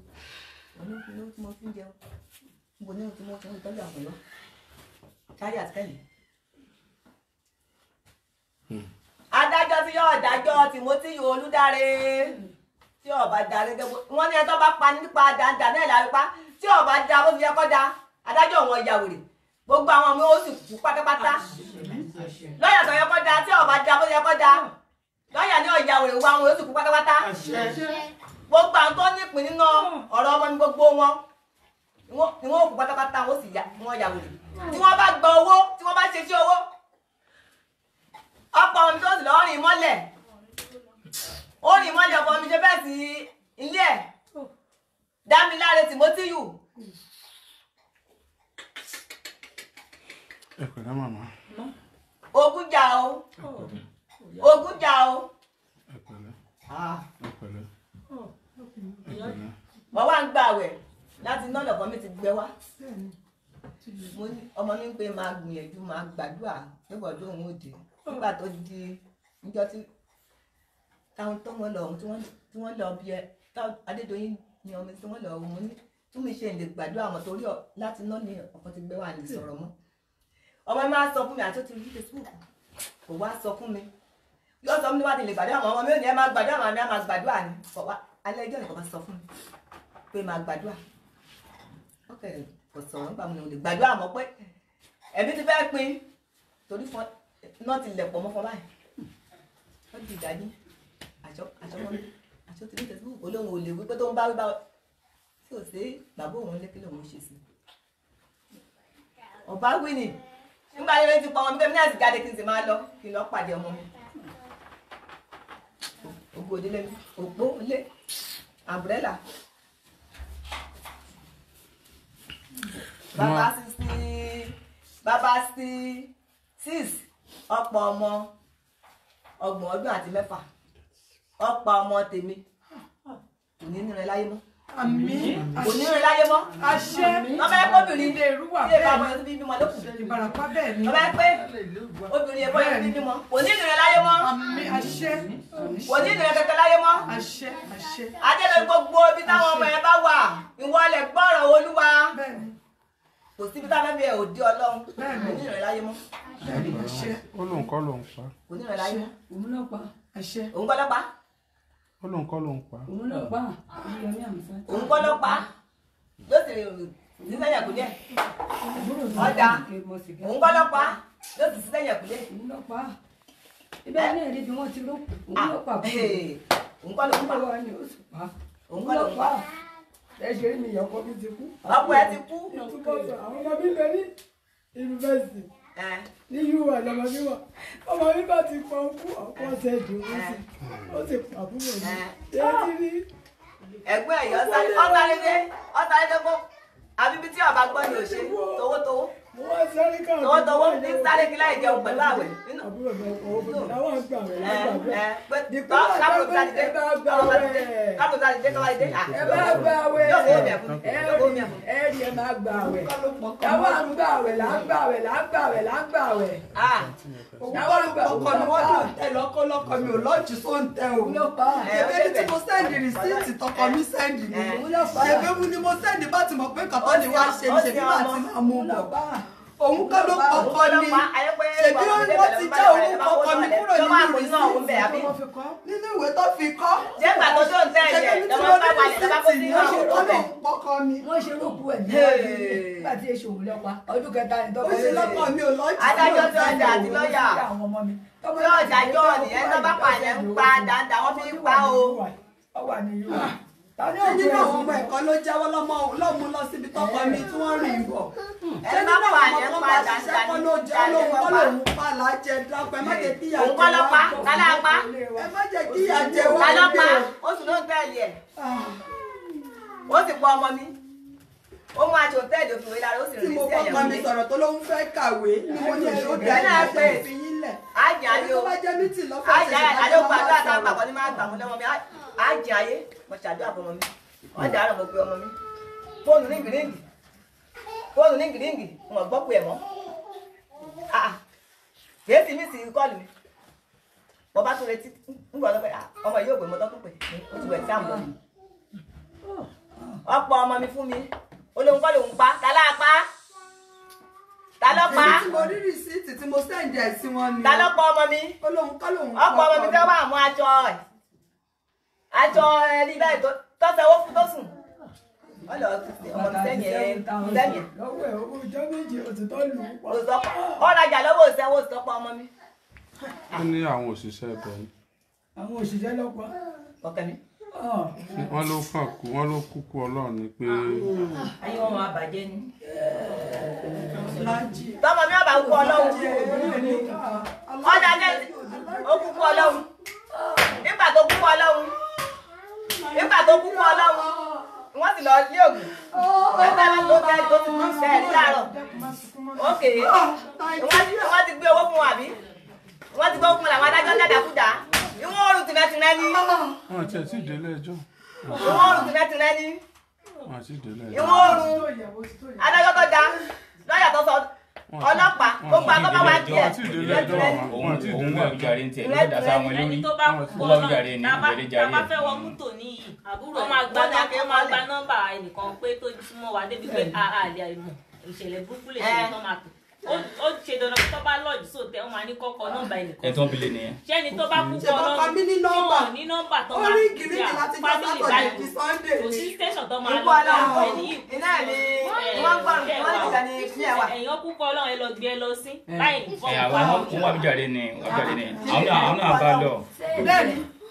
olówó ló ti mọ fi ń jẹun níbo ní òtún mọ fún ìtọ́jú àwọn ọ̀yọ́ kárí àtẹ́yìn. adájọ́ tí yóò dájọ́ Timothy Olúdáre tí ọba dá gẹ́gẹ́ bó wọ́n ní ẹ tó bá pa nípa dáadáa náà lárípa tí ọba dá bó fi yẹ kó dáa adájọ́ wọn ya wèrè gbogbo àwọn ọmọ ó sì pátápátá lọ́yà tó yẹ kó da tí ọba da bó yẹ kó da lọ́yà ní ọ̀yà wèrè gbogbo àwọn ó sì pátápátá gbogbo àwọn tó nípìn nínú ọ̀rọ̀ ọmọ mi gbogbo wọn ni wọn ò pátápátá wọn sì ya wèrè tí wọ́n bá gba owó tí wọ́n bá ṣe sí owó ọ̀pọ̀ ọmọ tó sì lọ́ọ́ rìn ó rìn mọ́lẹ̀ ọ̀pọ̀ mi ṣe bẹ́ẹ̀ sí ilé ẹ̀ Dámiláre Timothy ẹ kò dá màmá. ogun jà o ogun jà o. ẹ pẹ̀lẹ́ ah. ẹ pẹ̀lẹ́ ẹ pẹ̀lẹ́. wọ́n wá ń gbà wẹ̀ láti iná lọ̀kọ́ mi ti gbẹ wá mo ní ọmọ mi pé máa gbìyànjú máa gbàdúrà nígbà tó ń òde nígbà tó di níjọ́ tí táwọn tó wọn lọ ohun tí wọ́n lọ bí ẹ Adédoyin ni ọmọ tí wọ́n lọ ohun mo ní tún mi ṣe lè gbàdúrà mọ́ torí láti iná ni ọkọ ti gbẹ wà ní sọ̀rọ̀ mọ́ ọmọ mi máa sọ fún mi àti ó ti rí facebook kò wá sọ fún mi yóò sọ fún mi wá nílé gbàdúrà àwọn ọmọ mi ò ní ẹ máa gbàdúrà àwọn àmì àmà gbàdúrà ni kò wá alẹ́ ẹjọ́ nìkan bá sọ fún mi pé máa gbàdúrà ok kò sọ̀rọ̀ nígbà mi ò lè gbàdúrà mọ́ pé ẹ̀mí ti fẹ́ pin torí fún náà ti lẹ̀pọ̀ mọ́ fún báyìí ó di ìdájí àjọ àjọ mọ́ mi àjọ ti ní facebook olóhùn ò lè wí pé tó ń bá wí bá tí ò sí bàbá òun lé ọba wí ni nígbà yẹn ti pa ọmọ mi kẹ́mi náà sì jáde kí n sì máa lọ kí n lọ pàdé ọmọ mi. ògbó délé mi ògbó lé àbúrẹ́là. bàbá sixty bàbá sixty six ọ̀pọ̀ ọmọ ọgbọ̀n ọdún àti mẹ́fà ọ̀pọ̀ ọmọ tèmi kò ní nira láyé mọ́ àmín onírè láyé mọ́ àṣẹ ọba ẹ̀kọ́ obìnrin ilé ìrúwà bẹ́ẹ̀ ni ilé ìbímọ lókun ìbàràpá bẹ́ẹ̀ ni ọba ẹ̀pẹ́ obìnrin ẹ̀kọ́ yẹn bí bímọ onírè láyé mọ́ àmín àṣẹ onírè kẹkẹ láyé mọ́ àṣẹ àṣẹ adéle gbogbo ibi táwọn ọmọ yẹn bá wà ìwọ lè gbọ́rọ̀ olúwa kò síbi táwọn ẹbí ẹ ò dé ọlọ́run onírè láyé mọ́ àṣẹ olóńkọ́ ló ń pa onírè láyé mọ́ òun ló pa àṣẹ òun gbọ́dọ̀ pa ó lóun kọ́ lóun pa. òun ló pa Yẹmí Àmùsá. òun kọ́ ló pa ló sì sílẹ̀ yẹ̀kúlé ọ̀dà òun kọ́ ló pa ló sì sílẹ̀ yẹ̀kúlé. òun ló pa ibẹ̀ náà rí bí wọ́n ti rú òun ló pa kúrò. òun kọ́ ló pa òun kọ́ ló pa ẹ ṣe é mi ìyàwó mi ti kú. ọkọ ẹ ti kú. àwọn ọmọ mi lè ní yunifásitì ní yúwà lọmọ bíwà ọmọ bíbá ti pa ọkú ọkọ ọsẹ dùn ó sì pàbúrò ní ẹtí rí. ẹgbẹ́ ẹ̀yọ́ ọ̀tàlédé ọ̀tàlédé gbọ́ àbíbi tí ọba gbọ́ ni ò ṣe towótowó tọwọ́ tọwọ́ ní sáré kí láì jẹun pẹ̀lú àwẹ̀ nínú. kápò sátidé kápò sátidé kápò sátidé ah, yóò kó omi ẹ̀fún yóò kó omi ẹ̀fún. ẹ̀rí ẹ̀ máa gbà wẹ̀ táwọn ń gbà wẹ̀ là ń gbà wẹ̀ là ń gbà wẹ̀ là ń gbà wẹ̀. táwọn ah. ń gbà ọkọ ni wọ́n lò ń tẹ lọ́kọ́ lọ́kọ́ mi ò lọ́ọ̀jù tó ń tẹ o. ẹ̀ẹ́dẹ́gbẹ́ tí mo sẹ́ndì rìsíìtì tọkọ mi sẹ́ndì ni. ṣèbí mu ni mo sẹ́ndì bá ti mọ̀ pé kàtọ́ ni wàá ṣe ṣèbí máa ti máa mú bọ̀ òun kọ́ ló kọ́kọ́ ni ṣèbí wọ́n ti já òun kọ́kọ́ mi kúrò nínú ìsìn nínú ìwé tó fi kọ́ jẹ́gbà tó tó ń tẹ́ ẹ̀jẹ̀ lọ́wọ́ bá wà lẹ́yìn bá kó sí ìwé òun kọ́ ló kọ́kọ́ mi. wọ́n ṣe rúbú ẹ̀ nígbà tí èso òun lọ́pa ọdún kẹta ni tọ́kọ lè lọ́kọ mi ò lọ́jì adájọ́ tí ọjà àti lọ́yà tí ọjà jọ́ọ̀nì ẹ̀ tọ́ bá pààyàn ń pa dáadáa wọ́n fi ń pa o ṣé nínú àwọn ọmọ ẹ̀kọ́ ló jáwọ́ lọ́mọ lọ́mú lọ síbi tọ́pọ̀ mi tí wọ́n rìn bọ̀ ṣé nínú àwọn ọmọ tó máa ṣiṣẹ́ kọ́ ló jẹ́ lóhun kọ́ lòun pa lájẹ dápẹ́ má jẹ́ kíyà jẹ wá ẹ má jẹ́ kíyà jẹ wá ẹ bẹ̀rẹ̀ oṣù ló ń gbẹ́ ẹ̀yẹ ah. ó sì pọ ọmọ mi ó máa ṣe òtẹ́ẹ̀dì òfin wẹ́lá ó sì rìn sí ẹ̀yẹ mi. tí mo bọ́ kan mi sọ̀rọ̀ tó ló ń fẹ́ kàwé ni mo ní èso dá ìyá sílẹ̀ àjàyè o àjàyè àjàyè o pàdé àtàwọn àkọ́ni máa gbà fún lọ́wọ́ mi àjàyè mo ṣàdúrà fún ọmọ mi wọ́n dàrọ̀ mo pe ọmọ mi fóònù ní gíríngì fóònù ní gíríngì wọn gbọ́ pé ẹ̀ mọ́ ah, ah. kìí fi mí sí kọ́ọ̀lù mi mo bá tún retí ń gbọ́dọ̀ pé ah, ọmọ yóò gbé mo tọ́kùn pé o ti wẹ̀ sí àmọ́ oh. ọ̀pọ̀ ọmọ mi fún mi olóhùn kọ́ lòún pa tálá pa ta ló pa. èyí tí mo rí rìsíìtì tí mo sẹ́ǹdì ẹ̀ sí wọn ni. ta ló pa ọmọ mi. olóhùn kọ́lóhùn kọ́ ọkọ ọmọ mi fẹ́ wá mú àjọ ẹ̀ àjọ ẹni bẹ́ẹ̀ tó sanwó fún tó sùn. ọlọ ọmọ mi sẹ́yìn ẹ̀ sẹ́yìn. lọ́wọ́ ẹ̀ owó ìjọ méje òtítọ́ lù ú pọ̀. ọ̀rajà lọ́wọ́ òsẹ́wó òsítọ́pọ̀ ọmọ mi. ó ní àwọn òṣìṣẹ́ ẹ̀bẹ̀ ah. wọ́n ló kàn kú wọ́n ló kúkú ọlọ́run ni pé. ayé wọn máa bàjẹ́ ni. Eh tọmọ mi ọba kú ọlọ́run ọjà kẹsì ó kú kú ọlọ́run nígbà tó kú kú ọlọ́run nígbà tó kú kú ọlọ́run wọ́n ti lọ lé ògùn ẹgbẹ́ mi tó fẹ́ tó ti kún fẹ́ rí láàárọ̀ òkè wọ́n ti gbé owó fún wa bí wọ́n ti gbé owó fún làwọn adájọ́ dàdàkúdà ìwọ̀n oòrùn tìrẹ́tìrẹ́ ní. wọn àti ẹtí ìdílé ẹjọ́. ìwọ̀n oòrùn tìrẹ́tìrẹ́ ní. wọn àti ìdílé ẹjọ́. ìwọ̀n oòrùn adájọ́ tó dáa lọ́yà tó sọ ọlọ́pàá gbogbo pa wa jẹ́ ìrẹ́jìrẹ́ òun ti dùn náà jàre ń tẹ̀ ní ìdásá wọn lórí ẹni tó bá kó náà jàre ní ìbẹ̀rẹ̀ jàre. bàbá fẹ́ àbúrò máa gba nọ́mbà ẹnìkan pé tó súnmọ́ wa débi pé àlè ìṣẹ̀lẹ̀ burúkú lè ṣe tó máa pè ó ṣe dandan tó bá lọ́ọ̀jù sóòtẹ́ wọ́n máa ní kọ́kọ́ nọ́mbà ẹnìkan. ẹ tó ń bilẹ̀ nìyẹn. sẹ́ni tó bá kú kọ́ lọ́rùn ní nọ́mbà tó máa fi jà fámìlì báyìí kò sí tó máa lọ bá ẹni yìí kú. iná ni eh, wọ́n gbọ́dọ̀ eh, wọ́n ti jà ní ìpínlẹ̀ eh, wa. ẹ̀yàn kú kọ́ lọ́rùn ẹ lọ gbé ẹ lọ sí. báyìí fọ́ọ̀mù fáwọn.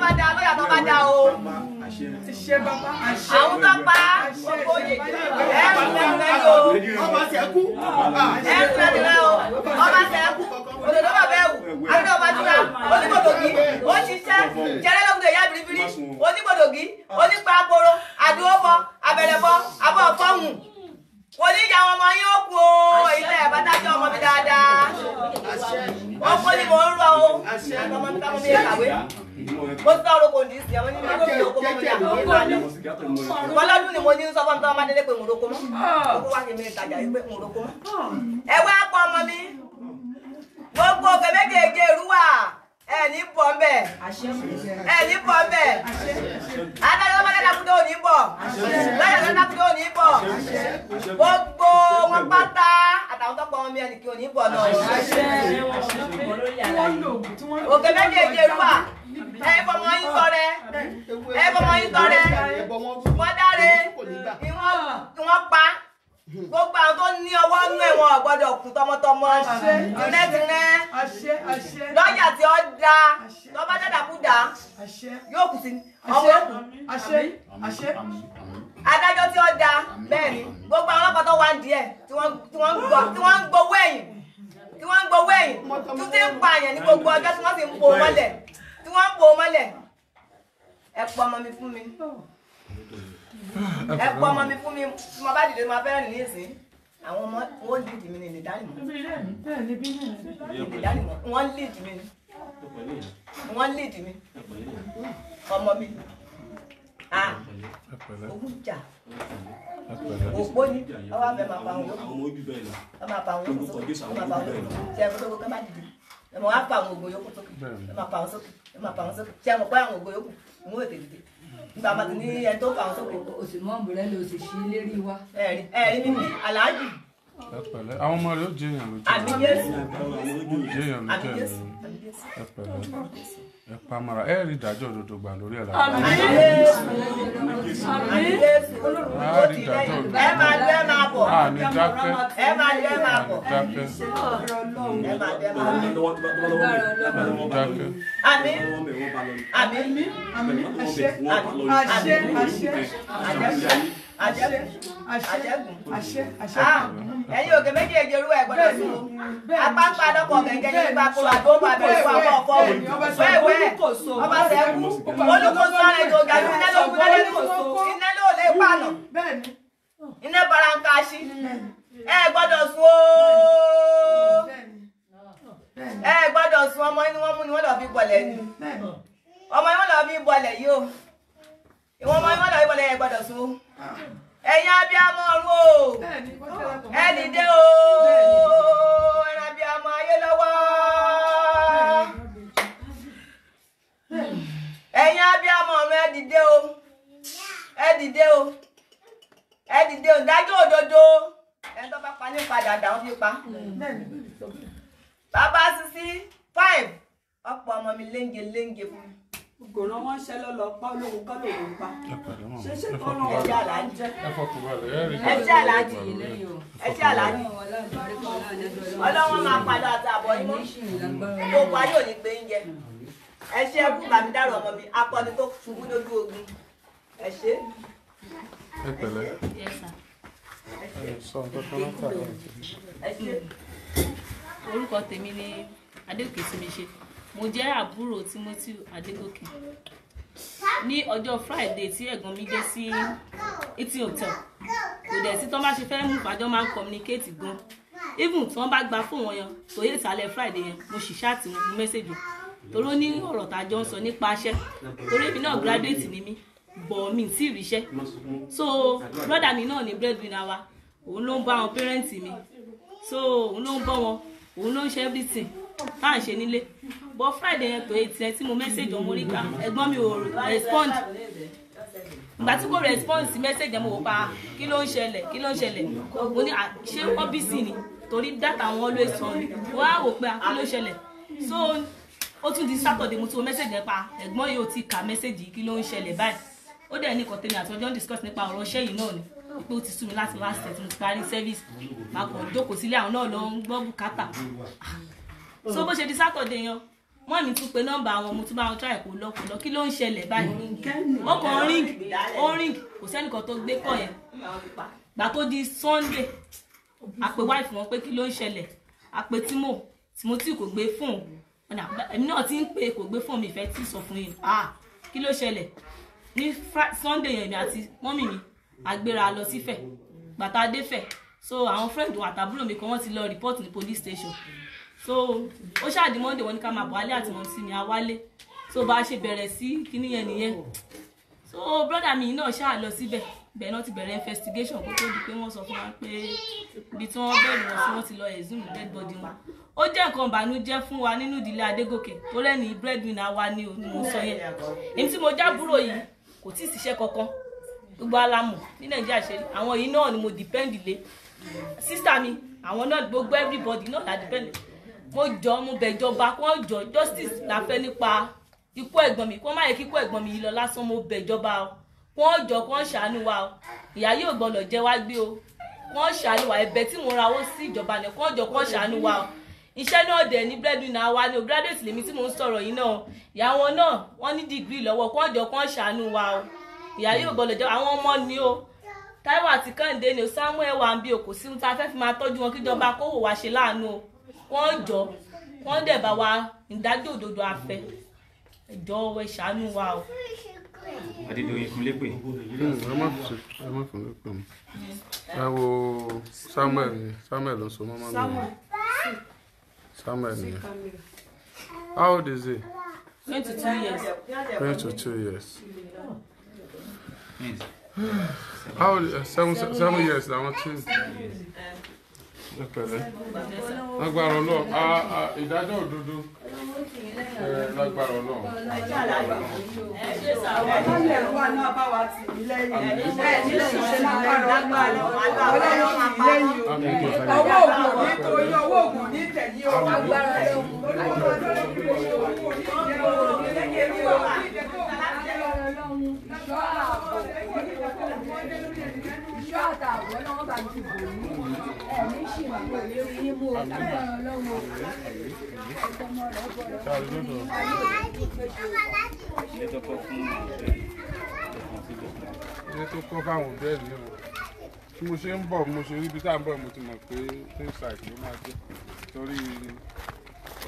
bá da lọ́yà tó bá da o ti ṣe bàbá àwọn tó pa gbogbo yìí ẹrù lẹ́lẹ́ o ọba sẹ́kù ẹrù lẹ́lẹ́ o ọba sẹ́kù òdòdó bàbá ẹ̀wù àbídọ́ ọba tura onígbòdògì ó ṣiṣẹ́ jẹ́rẹ́ lóògùn èyá biribiri onígbòdògì onípa agboro àdúgbò abẹ̀rẹ̀bọ abọ́ ọ̀fọ́hùn mo ní ìyá ọmọ yín ó kú o ilé ẹ̀ bá dájọ́ ọmọ mi dáadáa wọ́n kó ní mo ń rọ o ọmọ mi káwọn mi kàwé mo sọ ọ̀rọ̀ kò ní í sí ọmọ ní ìlú ìlú òkú mọ́mọ́ ìyàwó ìlú àná bọ́lọ́dún ni mo ní sọ fọ́nmọ́ ọmọ délé pé mo roko mọ́ òkú wá kí mi ìtajà yìí pé mo roko mọ́ ẹ wá pọ ọmọ mi gbogbo òkè méjèèjì èrú wà ẹni bọ̀ mbẹ̀ ẹni bọ̀ mbẹ̀ adájọ́ mọ́lẹ́dá kúndé òní bọ̀ lọ́yọ̀ lọ́dá kúndé òní bọ̀ gbogbo wọn pátá àtàwọn tó wọn bí ẹnì kí òní bọ̀ náà. òkè méjèèjì èrúwà ẹ fọmọ yín tọrẹ ẹ fọmọ yín tọrẹ wọn dáre ni wọn pa gbogbo àwọn tó ní ọwọ́ nú ẹ̀wọ̀n ọ̀gbọ́dọ̀ kú tọmọtọmọ tìrẹ́tìrẹ́ lọ́jà tí ó da tó bá dàdà kú dà yóò kù sí ọwọ́ kù adájọ́ tí ó da bẹ́ẹ̀ ni gbogbo àwọn ọlọ́pàá tó wá ń díẹ̀ tí wọ́n ń gbowó ẹ̀yìn tí wọ́n ń gbowó ẹ̀yìn tó ti ń pààyàn ní gbogbo ọjọ́ tí wọ́n sì ń po mọ́lẹ̀ tí wọ́n ń po mọ́lẹ̀ ẹ ọmọ mi fún mi. Oh ẹ pọ ọmọ mi fún mi tí mo bá dìde máa fẹ́ràn ní ìsín àwọn ọmọ wọn ń dìdì ní ìdí dánimọ̀ ìdí dánimọ̀ wọ́n ń dìdì mi wọ́n mi ọmọ mi jà òpó ni ọwọ́ abẹ máa pa àwọn olóògùn ọ máa pa àwọn olóògùn máa pa àwọn olóògùn tí ẹ gbọ́dọ̀ kọ́ máa dìde ẹ máa pa àwọn ògbó yòókù sókè ẹ máa pa àwọn sókè ẹ máa pa àwọn sókè tí ẹ mọ̀ pé àwọn ògbó yòókù ń wò tètè nígbà bá ti ní ẹni tó kà ọ́ sókè. o sì mọ ọ̀bùrẹ́ ló sì ṣí lérí wa. ẹ̀rí ẹ̀rí mímí aláàjì. ẹpẹ̀lẹ́ àwọn ọmọ rẹ ó jẹyàn lójú ẹ àbí Jésù àbí Jésù àbí Jésù ẹ pamara ẹ rí ìdájọ́ òdodo gbà lórí ẹ̀ lára. àmì àmì olùkọ́ ti lẹ́yìn ẹ máa lé ẹ máa bọ̀ ẹ máa lé ẹ máa bọ̀ ẹ máa lé ẹ máa bọ̀ àmì àmì àmì àṣẹ àṣẹ àṣẹ àṣẹ àṣẹ àṣẹ àṣẹ. Ah, ẹ̀yin òkè méjì èjì orúkọ ẹ gbọ́dọ̀ sí o apápá lọpọ gẹ́gẹ́ ní ipa kó àbó bá bẹ̀rẹ̀ fún àwọn ọkọ wẹwẹ ọba sẹkù olùkóso ara ètò ọgá iná ló kú lẹlẹ iná ló lè pààlọ iná barankaṣi ẹ gbọ́dọ̀ sùn o ẹ gbọ́dọ̀ sùn ọmọ inú wọn mú ni wọn lọ fi bọlẹ ni ọmọ inú wọn lọ fi bọlẹ yìí o ìwọ ọmọ inú wọn lọ fi bọlẹ yẹ gbọ́dọ̀ sùn o ẹ̀yin abiyamọ ọ̀run o ẹ dìde o ẹ̀yin abiyamọ ayé lọ́wọ́ ẹ̀yin abiyamọ ọ̀run ẹ dìde o ẹ dìde o ẹ dìde o dájọ́ òdodo ẹ tó bá pa nípa dàda wọn fi pa bàbá sisi five ọ̀pọ̀ ọmọ mi léńge léńge fún mi gbòòrò wọn ṣe ló lọ pa olóhùn kọ́ lòún pa ṣé ṣé kọ́ ló ẹjẹ́ àlàjẹ́ ẹjẹ́ àlàjì ẹjẹ́ àlàjì ọlọ́wọ́n máa padà àtàbọ̀ inú gbogbo ayé ò ní gbé ń jẹ ẹ ṣe ẹkú bàmí dárò ọmọ mi akọni tó ṣubú lójú ogun ẹ ṣe. ẹ pẹ̀lẹ́ ẹ sọ nǹkan tó ń tà lọ. orúkọ tèmi ni adéòkè tí mi ṣe mo jẹ́ àbúrò Timothy Adégòkè ní ọjọ́ Friday tí ẹ̀gbọ́n mi dé sí etí hotel kò dẹ̀ sí tán bá ṣe fẹ́ mú ìpàjọ́ máa ń communicate gan even tí wọ́n bá gba fóun wọn yẹn tó yé ìsàlẹ̀ Friday yẹn mo sì ṣáàtì wọn mo mẹ́sẹ̀jì torí ó ní ọ̀rọ̀ tá a jọ ń sọ nípa aṣẹ́ torí èmi náà graduate ni mí bọ̀ mi tí ì so brother mi náà ni breadwinner wa òun ló ń bá àwọn parents mi so òun ló ń bọ́ wọn òun ló ń ṣe everything tá à ń ṣe nílé bọ friday yẹn tó etí ẹ tí mo mẹ́sẹ̀gì ọmọ oríkà ẹ̀gbọ́n mi ò respond ìgbà tí kò respond sí mẹ́sẹ̀gì ẹ̀ mo wò pa ah, kí ló ń ṣẹlẹ̀ kí ló ń ṣẹlẹ̀ mo ní ah, ṣé ọ́bíìsì ni torí data àwọn always sọ ni wọ́n á wò pé ah, kí ló ṣẹlẹ̀ so ó tún di saturday mo ti wo mẹ́sẹ̀gì ẹ̀ pa ẹ̀gbọ́n yìí ò ti kà mẹ́sẹ̀gì kí ló ń ṣẹlẹ̀ báyìí ó dẹ̀ ní kọ̀tẹ́mi àtọ́jọ́ ń discuss nípa ọ̀rọ̀ iṣẹ́ yìí náà ni pé ó ti sú mi láti last year tí mo ti parí service màá kàn jókòó sílé àwọn náà lọ ń gbọ́ bùkátà Mm. so bó ṣe di Saturday yan wọ́n mi tún pe nọ́mbà àwọn mo tún bá wọn try kó lọ́kùnlọ́ kí ló ń ṣẹlẹ̀ báyìí ó kàn ring ó ring kò sẹ́nìkan tó gbé kọ̀ yẹn gbà tó di Sunday àpè wife wọn pé kí ló ń ṣẹlẹ̀ àpè timo timothy kò gbé fóònù ọ̀nà èmi náà ti ń pè kò gbé fóònù mi fẹ́ tí sọ fún yìí ah kí ló ṣẹlẹ̀ ní Sunday yẹn mi àti mọ́mì mi àgbéra lọ sífẹ̀ gbàtà dé fẹ̀ so àwọn friend wọn àtàbúrò mi kan wọ́n ti lọ report ní police station so ó ṣáàdì monday wọn ni ká máa bọ̀ alẹ́ àti wọn sí ni awálé so bá a ṣe bẹ̀rẹ̀ sí kíní yẹn nìyẹn so brother mi náà ṣáà lọ síbẹ̀ bẹ́ẹ̀ náà ti bẹ̀rẹ̀ investigation kó tó di pé wọ́n sọ fún wa pé ibi tí wọ́n bẹ̀rù wọn sí wọ́n ti lọ exhume dead body wọn ó jẹ́ nǹkan ìbànújẹ́ fún wa nínú ìdílé adégòkè tó lẹ́ni breadwinner wa ni o ní mo sọ yẹn èmi tí mo jábúrò yìí kò tí ì ṣiṣẹ́ kankan gbogbo alamọ ní nàìjíríà ṣe àwọn yìí náà ni mo depend lé sísá mi àwọn náà gbogbo everybody náà la depend mo jọ mo bẹ̀jọba kó jọ justice la fẹ́ nípa ikú ẹ̀gbọ́n mi kó má yẹ kíkú ẹ̀gbọ́n mi yìí lọ lásán mo bẹ̀jọba o kó jọ kó ṣàánú wa o ìyá yóò gbọ́dọ̀ jẹ́ wá gbé o kó ṣàánú wa ẹ̀bẹ̀ tí mo rawọ́ sí ìjọba náà kó jọ kó ṣàánú wa o iṣẹ́ náà dẹ̀ ní breadwinner wa ni o graduate lèmi tí mò ń sọ̀rọ̀ yìí náà ìyá wọn náà wọ́n ní degree lọ́wọ́ kó jọ kó ṣàánú wa o ìyá yóò gbọ́dọ̀ jẹ́ àwọn ọmọ ni o Táíwò àti Kẹ́hìndé ni Samuel wa ń bí o kò sí ohun tá a fẹ́ fi máa tọ́jú wọn kíjọba kó wò ṣe láàánú o wọ́n jọ wọ́n dẹ̀ bá wa ìdájọ́ òdodo afẹ́ ẹ̀jọ́ ẹ ṣàánú wa o. Adédoyin Fúnlépè. Hmm, ẹ má fi ẹ má fi lépè mu ẹ wo Samuel ni Samuel ló ń sọ mọ́mọ́ mi Samuel ni how old is he. twenty two years. twenty two years. Hmm. how old seven seven years na wọn tún ẹ lágbára Ọlọ́run ìdájọ́ òdodo lágbára Ọlọ́run. ọlọ́yẹ̀ lágbára Ọlọ́run ọlọ́run tì ìṣọ́ àtààbọ̀ náà bá ti bò ní ẹ̀mí ṣì wà ní òlérí yín mú o lágbára ọlọ́wọ́ ọmọ rẹ̀ bọ̀rọ̀ ọmọ rẹ̀ bọ̀rọ̀ ilé tó kọ́ fáwọn òbí ẹ̀ ní o tí mo ṣe ń bọ̀ mo ṣe rí ibi tá à ń bọ̀ mo ti mọ̀ pé ten side ló máa jẹ́ torí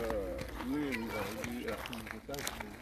eh, ní ìrìn àwọn ibi ẹ̀kún ìgbésẹ̀ ìgbésẹ̀.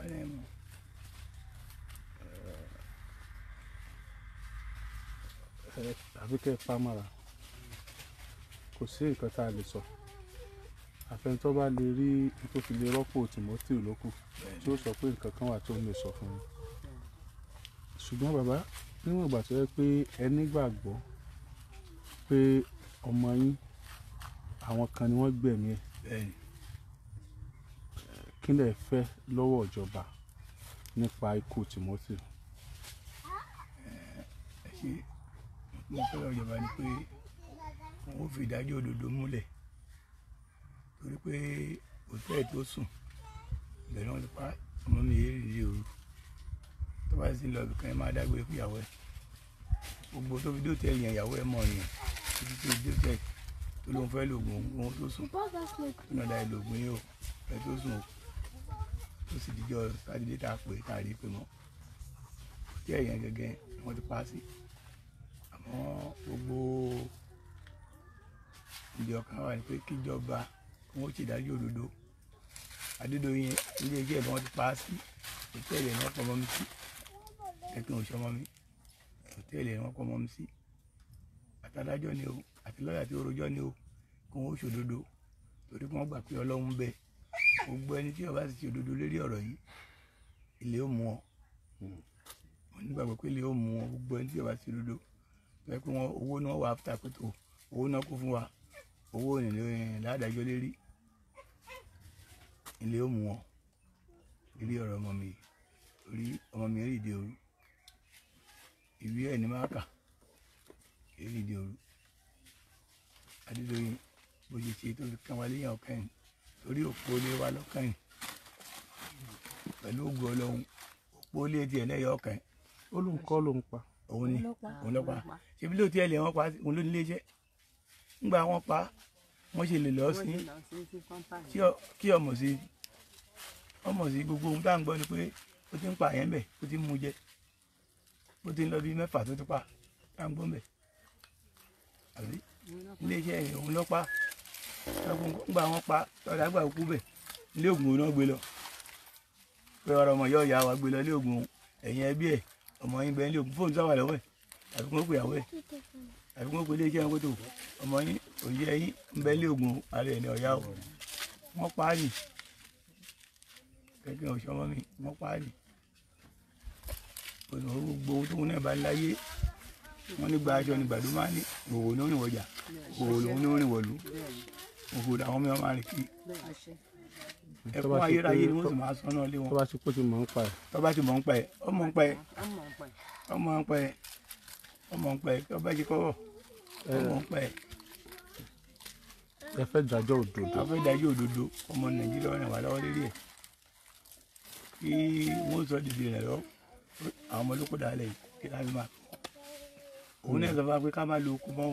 I'm eh, eh, àbí kẹ́ ẹ pamọ́ra kò sí nǹkan tá a lè sọ àfẹnutọ́ bá lè rí tó fi lè rọ́pò Timothy lókù tí ó sọ pé nǹkan kan wà tó ń lè sọ fún mi ṣùgbọ́n bàbá níwọ̀n ìgbà tó yẹ pé ẹ nígbàgbọ́ pé ọmọ yín àwọn kan ni wọ́n gbẹ̀mí ẹ̀ kí lẹ fẹ́ lọ́wọ́ ìjọba nípa ikú Timothy. ẹ ṣe mo fẹ́ lọ́wọ́ ìjọba ni pé wọ́n fi ìdájọ́ òdodo múlẹ̀ torí pé òtẹ́ẹ̀ tó sùn ìbẹ̀rẹ̀ wọn ti pa ọmọ mi yéé rìn ní òru tó bá sì ń lọ ibìkan ẹ máa dágbére fún ìyàwó ẹ gbogbo tó fi dóòtẹ́ yẹn ìyàwó ẹ mọ̀ yẹn títí tó fi dóòtẹ́ tó lóun fẹ́ lògùn òun tó sùn ìnàdà ìlògùn yìí ó ẹ tó sùn o ó sì dijọ́ sátidé tá a pè tá a rí pé mọ́ tí ẹ̀yàn gẹ́gẹ́ wọ́n ti pa sí àmọ́ gbogbo ìdí ọkàn wà ní pé kíjọba wọ́n ti dájú òdodo Adédoyin iléeṣẹ́ ìbọn ti pa sí òtẹ́ẹ̀lì ẹ̀wọ̀n pọ̀ mọ́ mi sí ẹ̀kí òṣọ́ mọ́ òtẹ́ẹ̀lì ẹ̀wọ̀n pọ̀ mọ́ sí àtàdájọ́ ni o àti lọ́ọ̀yà tí ó rojọ́ ni o kí wọ́n ó ṣòdodo torí kí wọ́n gbà pé Ọlọ́run bẹ́ẹ̀ gbogbo ẹni tí ó bá sì ṣe òdodo lórí ọ̀rọ̀ yìí ilé ó mú ọ mo nígbàgbọ́ pé ilé ó mú ọ gbogbo ẹni tí ó ṣe òdodo pé pé wọn owó ni wọn wà áfítà pé tó owó náà kó fún wa owó nílé ládàjọ lérí ilé ó mú ọ ilé ọ̀rọ̀ ọmọ mi orí ọmọ mi rí ìdè òru ìwé ẹ̀ ní máa rí ìdè òru adédọ̀yìn bó ṣe ṣe tó fi kán wa léyàn ọ̀kẹ́yìn torí òpó ilé wa lọ́kàn yìí pẹ̀lú ògùn ọlọ́run òpó ilé tiẹ̀ náà ọkàn yìí. ó lóun kọ́ pa. òun ni òun ló pa ṣebí ló tiẹ̀ lè wọ́n pa òun ló nílé iṣẹ́ ńgbà wọ́n pa wọ́n ṣe lè lọ sí kí ọmọ sí ọmọ sí gbogbo ohun tá à ń gbọ́ ni pé ó ti ń pa àyẹ̀ ń bẹ̀ ó ti ń mu jẹ ó ti ń lọ bí mẹ́fà tó ti pa tá à ń gbọ́ ń àbí ilé òun ló pa ẹkùn gba wọn pa ọ̀dà àgbà òkú bẹ̀ ilé ògùn náà gbé lọ pé ọ̀rọ̀ ọmọ yóò yá wa gbé lọ ilé ògùn ẹ̀yìn ẹbí ẹ̀ ọmọ yín bẹ ilé ògùn fóònù sáwà lọ́wọ́ ẹ̀ àbí kún ó pè àwọ̀ ẹ̀ àbí kún ó pè ilé iṣẹ́ ẹ̀kọ́ tó ọmọ yín òye ẹ̀yìn ń bẹ ilé ògùn ara ẹ̀ ní ọ̀yá o wọ́n pa á nì kẹ́kẹ́ ọ̀ṣọ́ mọ́ mi wọ́n pa á nì ònà gbogbo tóun náà bá ń láyé wọ́n ní gba ní gbàdúmá ní òwò ní òrìnwọ̀jà ògo làwọn mẹ́wàá máa rí kí ẹkún ayérayé ni wọ́n sì máa sọ náà lé wọn. tó bá ti kó ti mọ̀ ń pa ẹ̀. tó bá ti mọ̀ ń pa ẹ̀ ọmọ ń pa ẹ̀ ọmọ ń pa ẹ̀ ọmọ ń pa ẹ̀ tó bá ti kọ́wọ̀ ọmọ ń pa ẹ̀. ẹ fẹ́ dájọ́ òdodo. a fẹ́ dájọ́ òdodo ọmọ nàìjíríà ọ̀nà wà lọ́wọ́ lérí ẹ̀ kí wọ́n sọ dìde rẹ̀ lọ àwọn ọmọ olókùdà lẹ̀ kí lábẹ́ máa òun náà sọ fún wa pé ká má lo okùn mọ́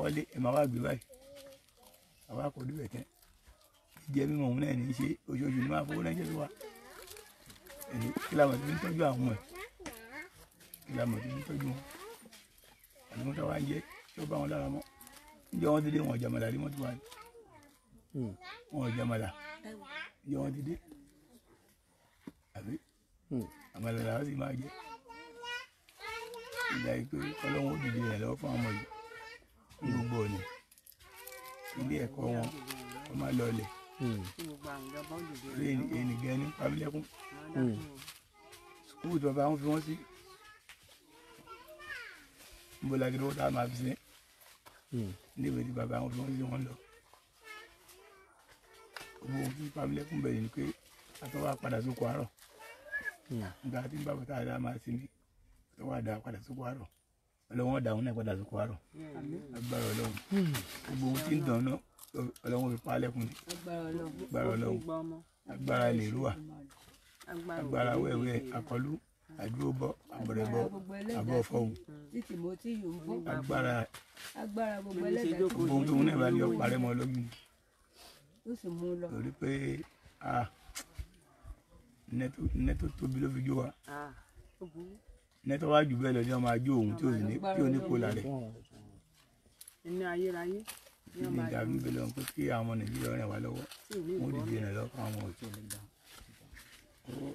kọ́lé ẹ máa wá gbé báyìí àwa kò dúbẹ̀ tẹ́ jíjẹ mímọ òun náà ní í ṣe oṣooṣù ní máa fowó ránṣẹ́ sí wa èyí kí la mọ̀ tó ń tọ́jú àwọn ọmọ ẹ̀ kí la mọ̀ tó ń tọ́jú wọn àlùmọ́ tó wá ń jẹ tó bá wọn lára mọ́ níjọ́ wọn ti dé wọn ọ̀jàmàlà rí hmm. wọn tó wà wọn ọ̀jàmàlà níjọ́ wọn ti dé àbí hmm. àmàlà làwọn sì máa jẹ ìgbà yìí pé ọlọ́wọ́n ó dìde rẹ̀ fún àwọn ọmọ yìí ní gbogbo ọ̀nà ilé ẹ̀kọ́ wọn wọ́n máa lọ ọlẹ̀ orí hmm. ènìgàn ní pamílẹ́kún hmm. sukúù tí bàbá wọn fi wọ́n sí níbo la gidi wọ́n tá a máa fi sí níbo hmm. tí bàbá wọn fi wọ́n sí wọn lọ gbogbo òfin pamílẹ́kún bẹ̀rẹ̀ ni pé àtọ́wà padà sóko àárọ̀ nígbà tí bàbá tá a dá máa sí ni àtọ́wà dá padà sóko àárọ̀ ọlọ́wọ́n dàrún náà padà sókò àrọ̀ agbára ọlọ́run gbogbo ohun tí ń dàn náà ọlọ́run fi pa lẹ́kùn ni agbára ọlọ́run agbára ìlérúwà agbára wẹ́wẹ́ akọlù àdúróbọ́ àbọ̀rẹ̀bọ́ àbọ̀fọ́hùn agbára gbogbo ohun tó ń náà bá ní ọ̀pá rẹ̀ mọ́ lógún torí pé ah, nẹ́tò tóbi ló fi jó wa. Ah, nẹ́tọ́ wá jù bẹ́ẹ̀ lọ ní ọmọ ajé òun tí ò ní kó lálẹ́. ẹni ayérayé ní ọmọ ajé òun. ìdàgbé lọ pé kí àwọn nàìjíríà rìn wá lọ́wọ́ wọn ò dìde rìn lọ́kàn àwọn òtí.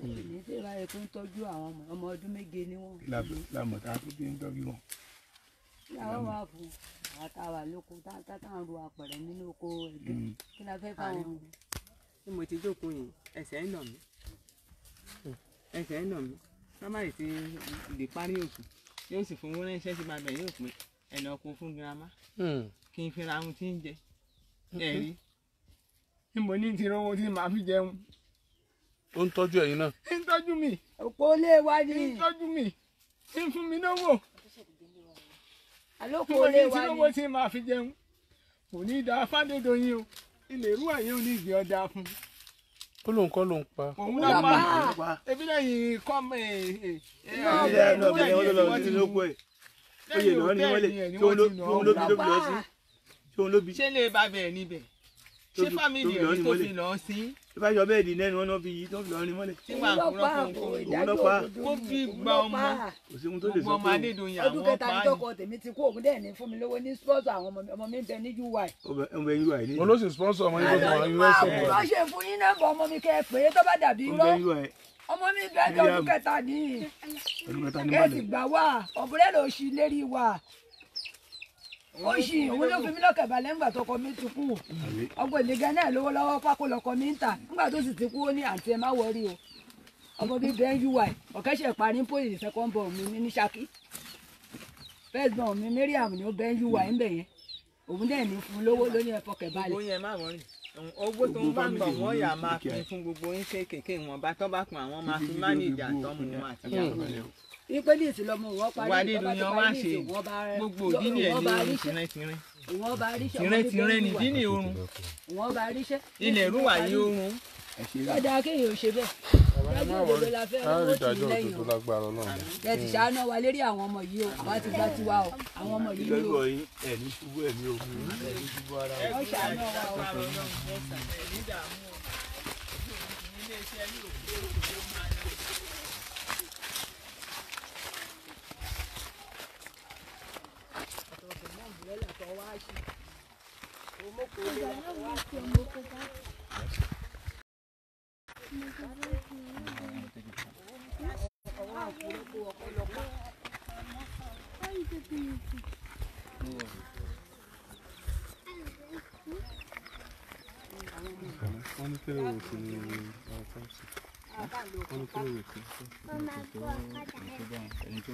èmi ṣe ra ń tọ́jú àwọn ọmọ ọdún méje ni wọ́n. làmọ̀ tá a fi ń tọ́jú wọn. ìyàwó wa fò àtàwà lóko táwọn ru àpẹẹrẹ nínú oko ẹ̀gbẹ́ mm. kí la fẹ́ fáwọn. bí mo ti jókòó yìí ẹsẹ̀ ń nà mí ẹsẹ̀ ń sábàrì ti lè parí oṣù yóò sì fún wọn ránṣẹ́ sí bàbá yóò pé ẹnì ọkọ fún girama hmm. kí n fi ra ohun tí ń jẹ ẹ̀rí ni mo ní ti rówó tí màá fi jẹun. ó ń tọ́jú ẹ̀yin náà. ń tọ́jú mi. òpó lé wa ni. ń tọ́jú mi. ń fún mi lówó. àlókò lé wa ni. mo ní ti rówó tí màá fi jẹun. kò ní í da fádédoyin o ilé ìrú àyè ò ní ìgbé ọjà fún un ó lóun kọ́ lóun pa. òun náà pa ebi náà yìí kọ́ eh, eh, eh, mi. ìyá náà bẹ̀rẹ̀ wọn ló lọ sí lóko ẹ̀ oyè náà ni wọ́n lè tí òun ló bí ló bí lọ sí tí òun ló bí. ṣé lè bá bẹ̀rẹ̀ níbẹ̀ ṣé fámìlì ẹ̀ tó fi lọ sí ìfàjọ bẹ́ẹ̀ di nẹ́nu wọn náà fi yí tó fi lọ́ọ́ rin nígbà àkúrọ̀ kan fún mi òun lọ́pàá kó fi gba ọmọ kò sí ohun tó lè sọ pé ọdún kẹta ní tọkọ tèmi ti kó òun dẹ̀ ní fún mi lówó ní sponsor àwọn ọmọ mi bẹ ní ui. ọmọ ui ní. wọn ló sì ọmọ yín lọ́sọ̀rọ̀ ui sọ̀rọ̀. wọ́n ṣe fún yín nọ́mbà ọmọ mi kẹ́ ẹ pé tó bá dàbí irọ́ ọmọ mi bẹ́ẹ̀ ó ṣì òun ló fi mí lọ́kàn balẹ̀ ńgbà tó kọ mí ti kú ọgbọ̀n ìlẹ̀gẹ́ náà lówó lọ́wọ́ pákó lọ́kọ mi ń tà ńgbà tó sì ti kú ó ní àǹtí ẹ má wọrí o ọmọ bíi bẹ́ẹ̀ ui ọ̀kẹ́ṣẹ̀ parí ń pòyì second born mi ní Ṣakí first born mi Mariam ni ó bẹ́ẹ̀ ui ń bẹ̀ yẹn òun dẹ̀ ní fún lówó ló ní fọkẹ̀ balẹ̀. owó yẹn má wọrin owó tó ń bá ń wọ́n yà máa pín fún gbogbo yín kéékèèké wọn bá bá pọn àwọn máa fi má ní ìjà tọ́mù wọn àti ìyá wípé ní ìsìn lọmọ wọn parí wà nílùú yan wá ṣe gbogbo òbí ní ẹni tìrẹtìrẹ tìrẹtìrẹ nìdí ní oorun ilẹ̀ rúwà yí oorun. ọ̀dà kéèyàn ò ṣe bẹ́ẹ̀ lọ́jọ́ òdodo la fẹ́ ọwọ́ tì lẹ́yìn o ẹ ti ṣàánú wa lérí àwọn ọmọ yìí o àwa ti gbá tiwa o àwọn ọmọ yìí ni o. ẹni ṣubú ẹni o ẹni ṣubú ara o. wọ́n ṣàánú wa o. wọ́n ní tẹ́lẹ̀ wò sí ní ọ̀pọ̀ sí wọ́n ní tẹ́lẹ̀ wò sí ní ọ̀pọ̀ sí ẹni tó.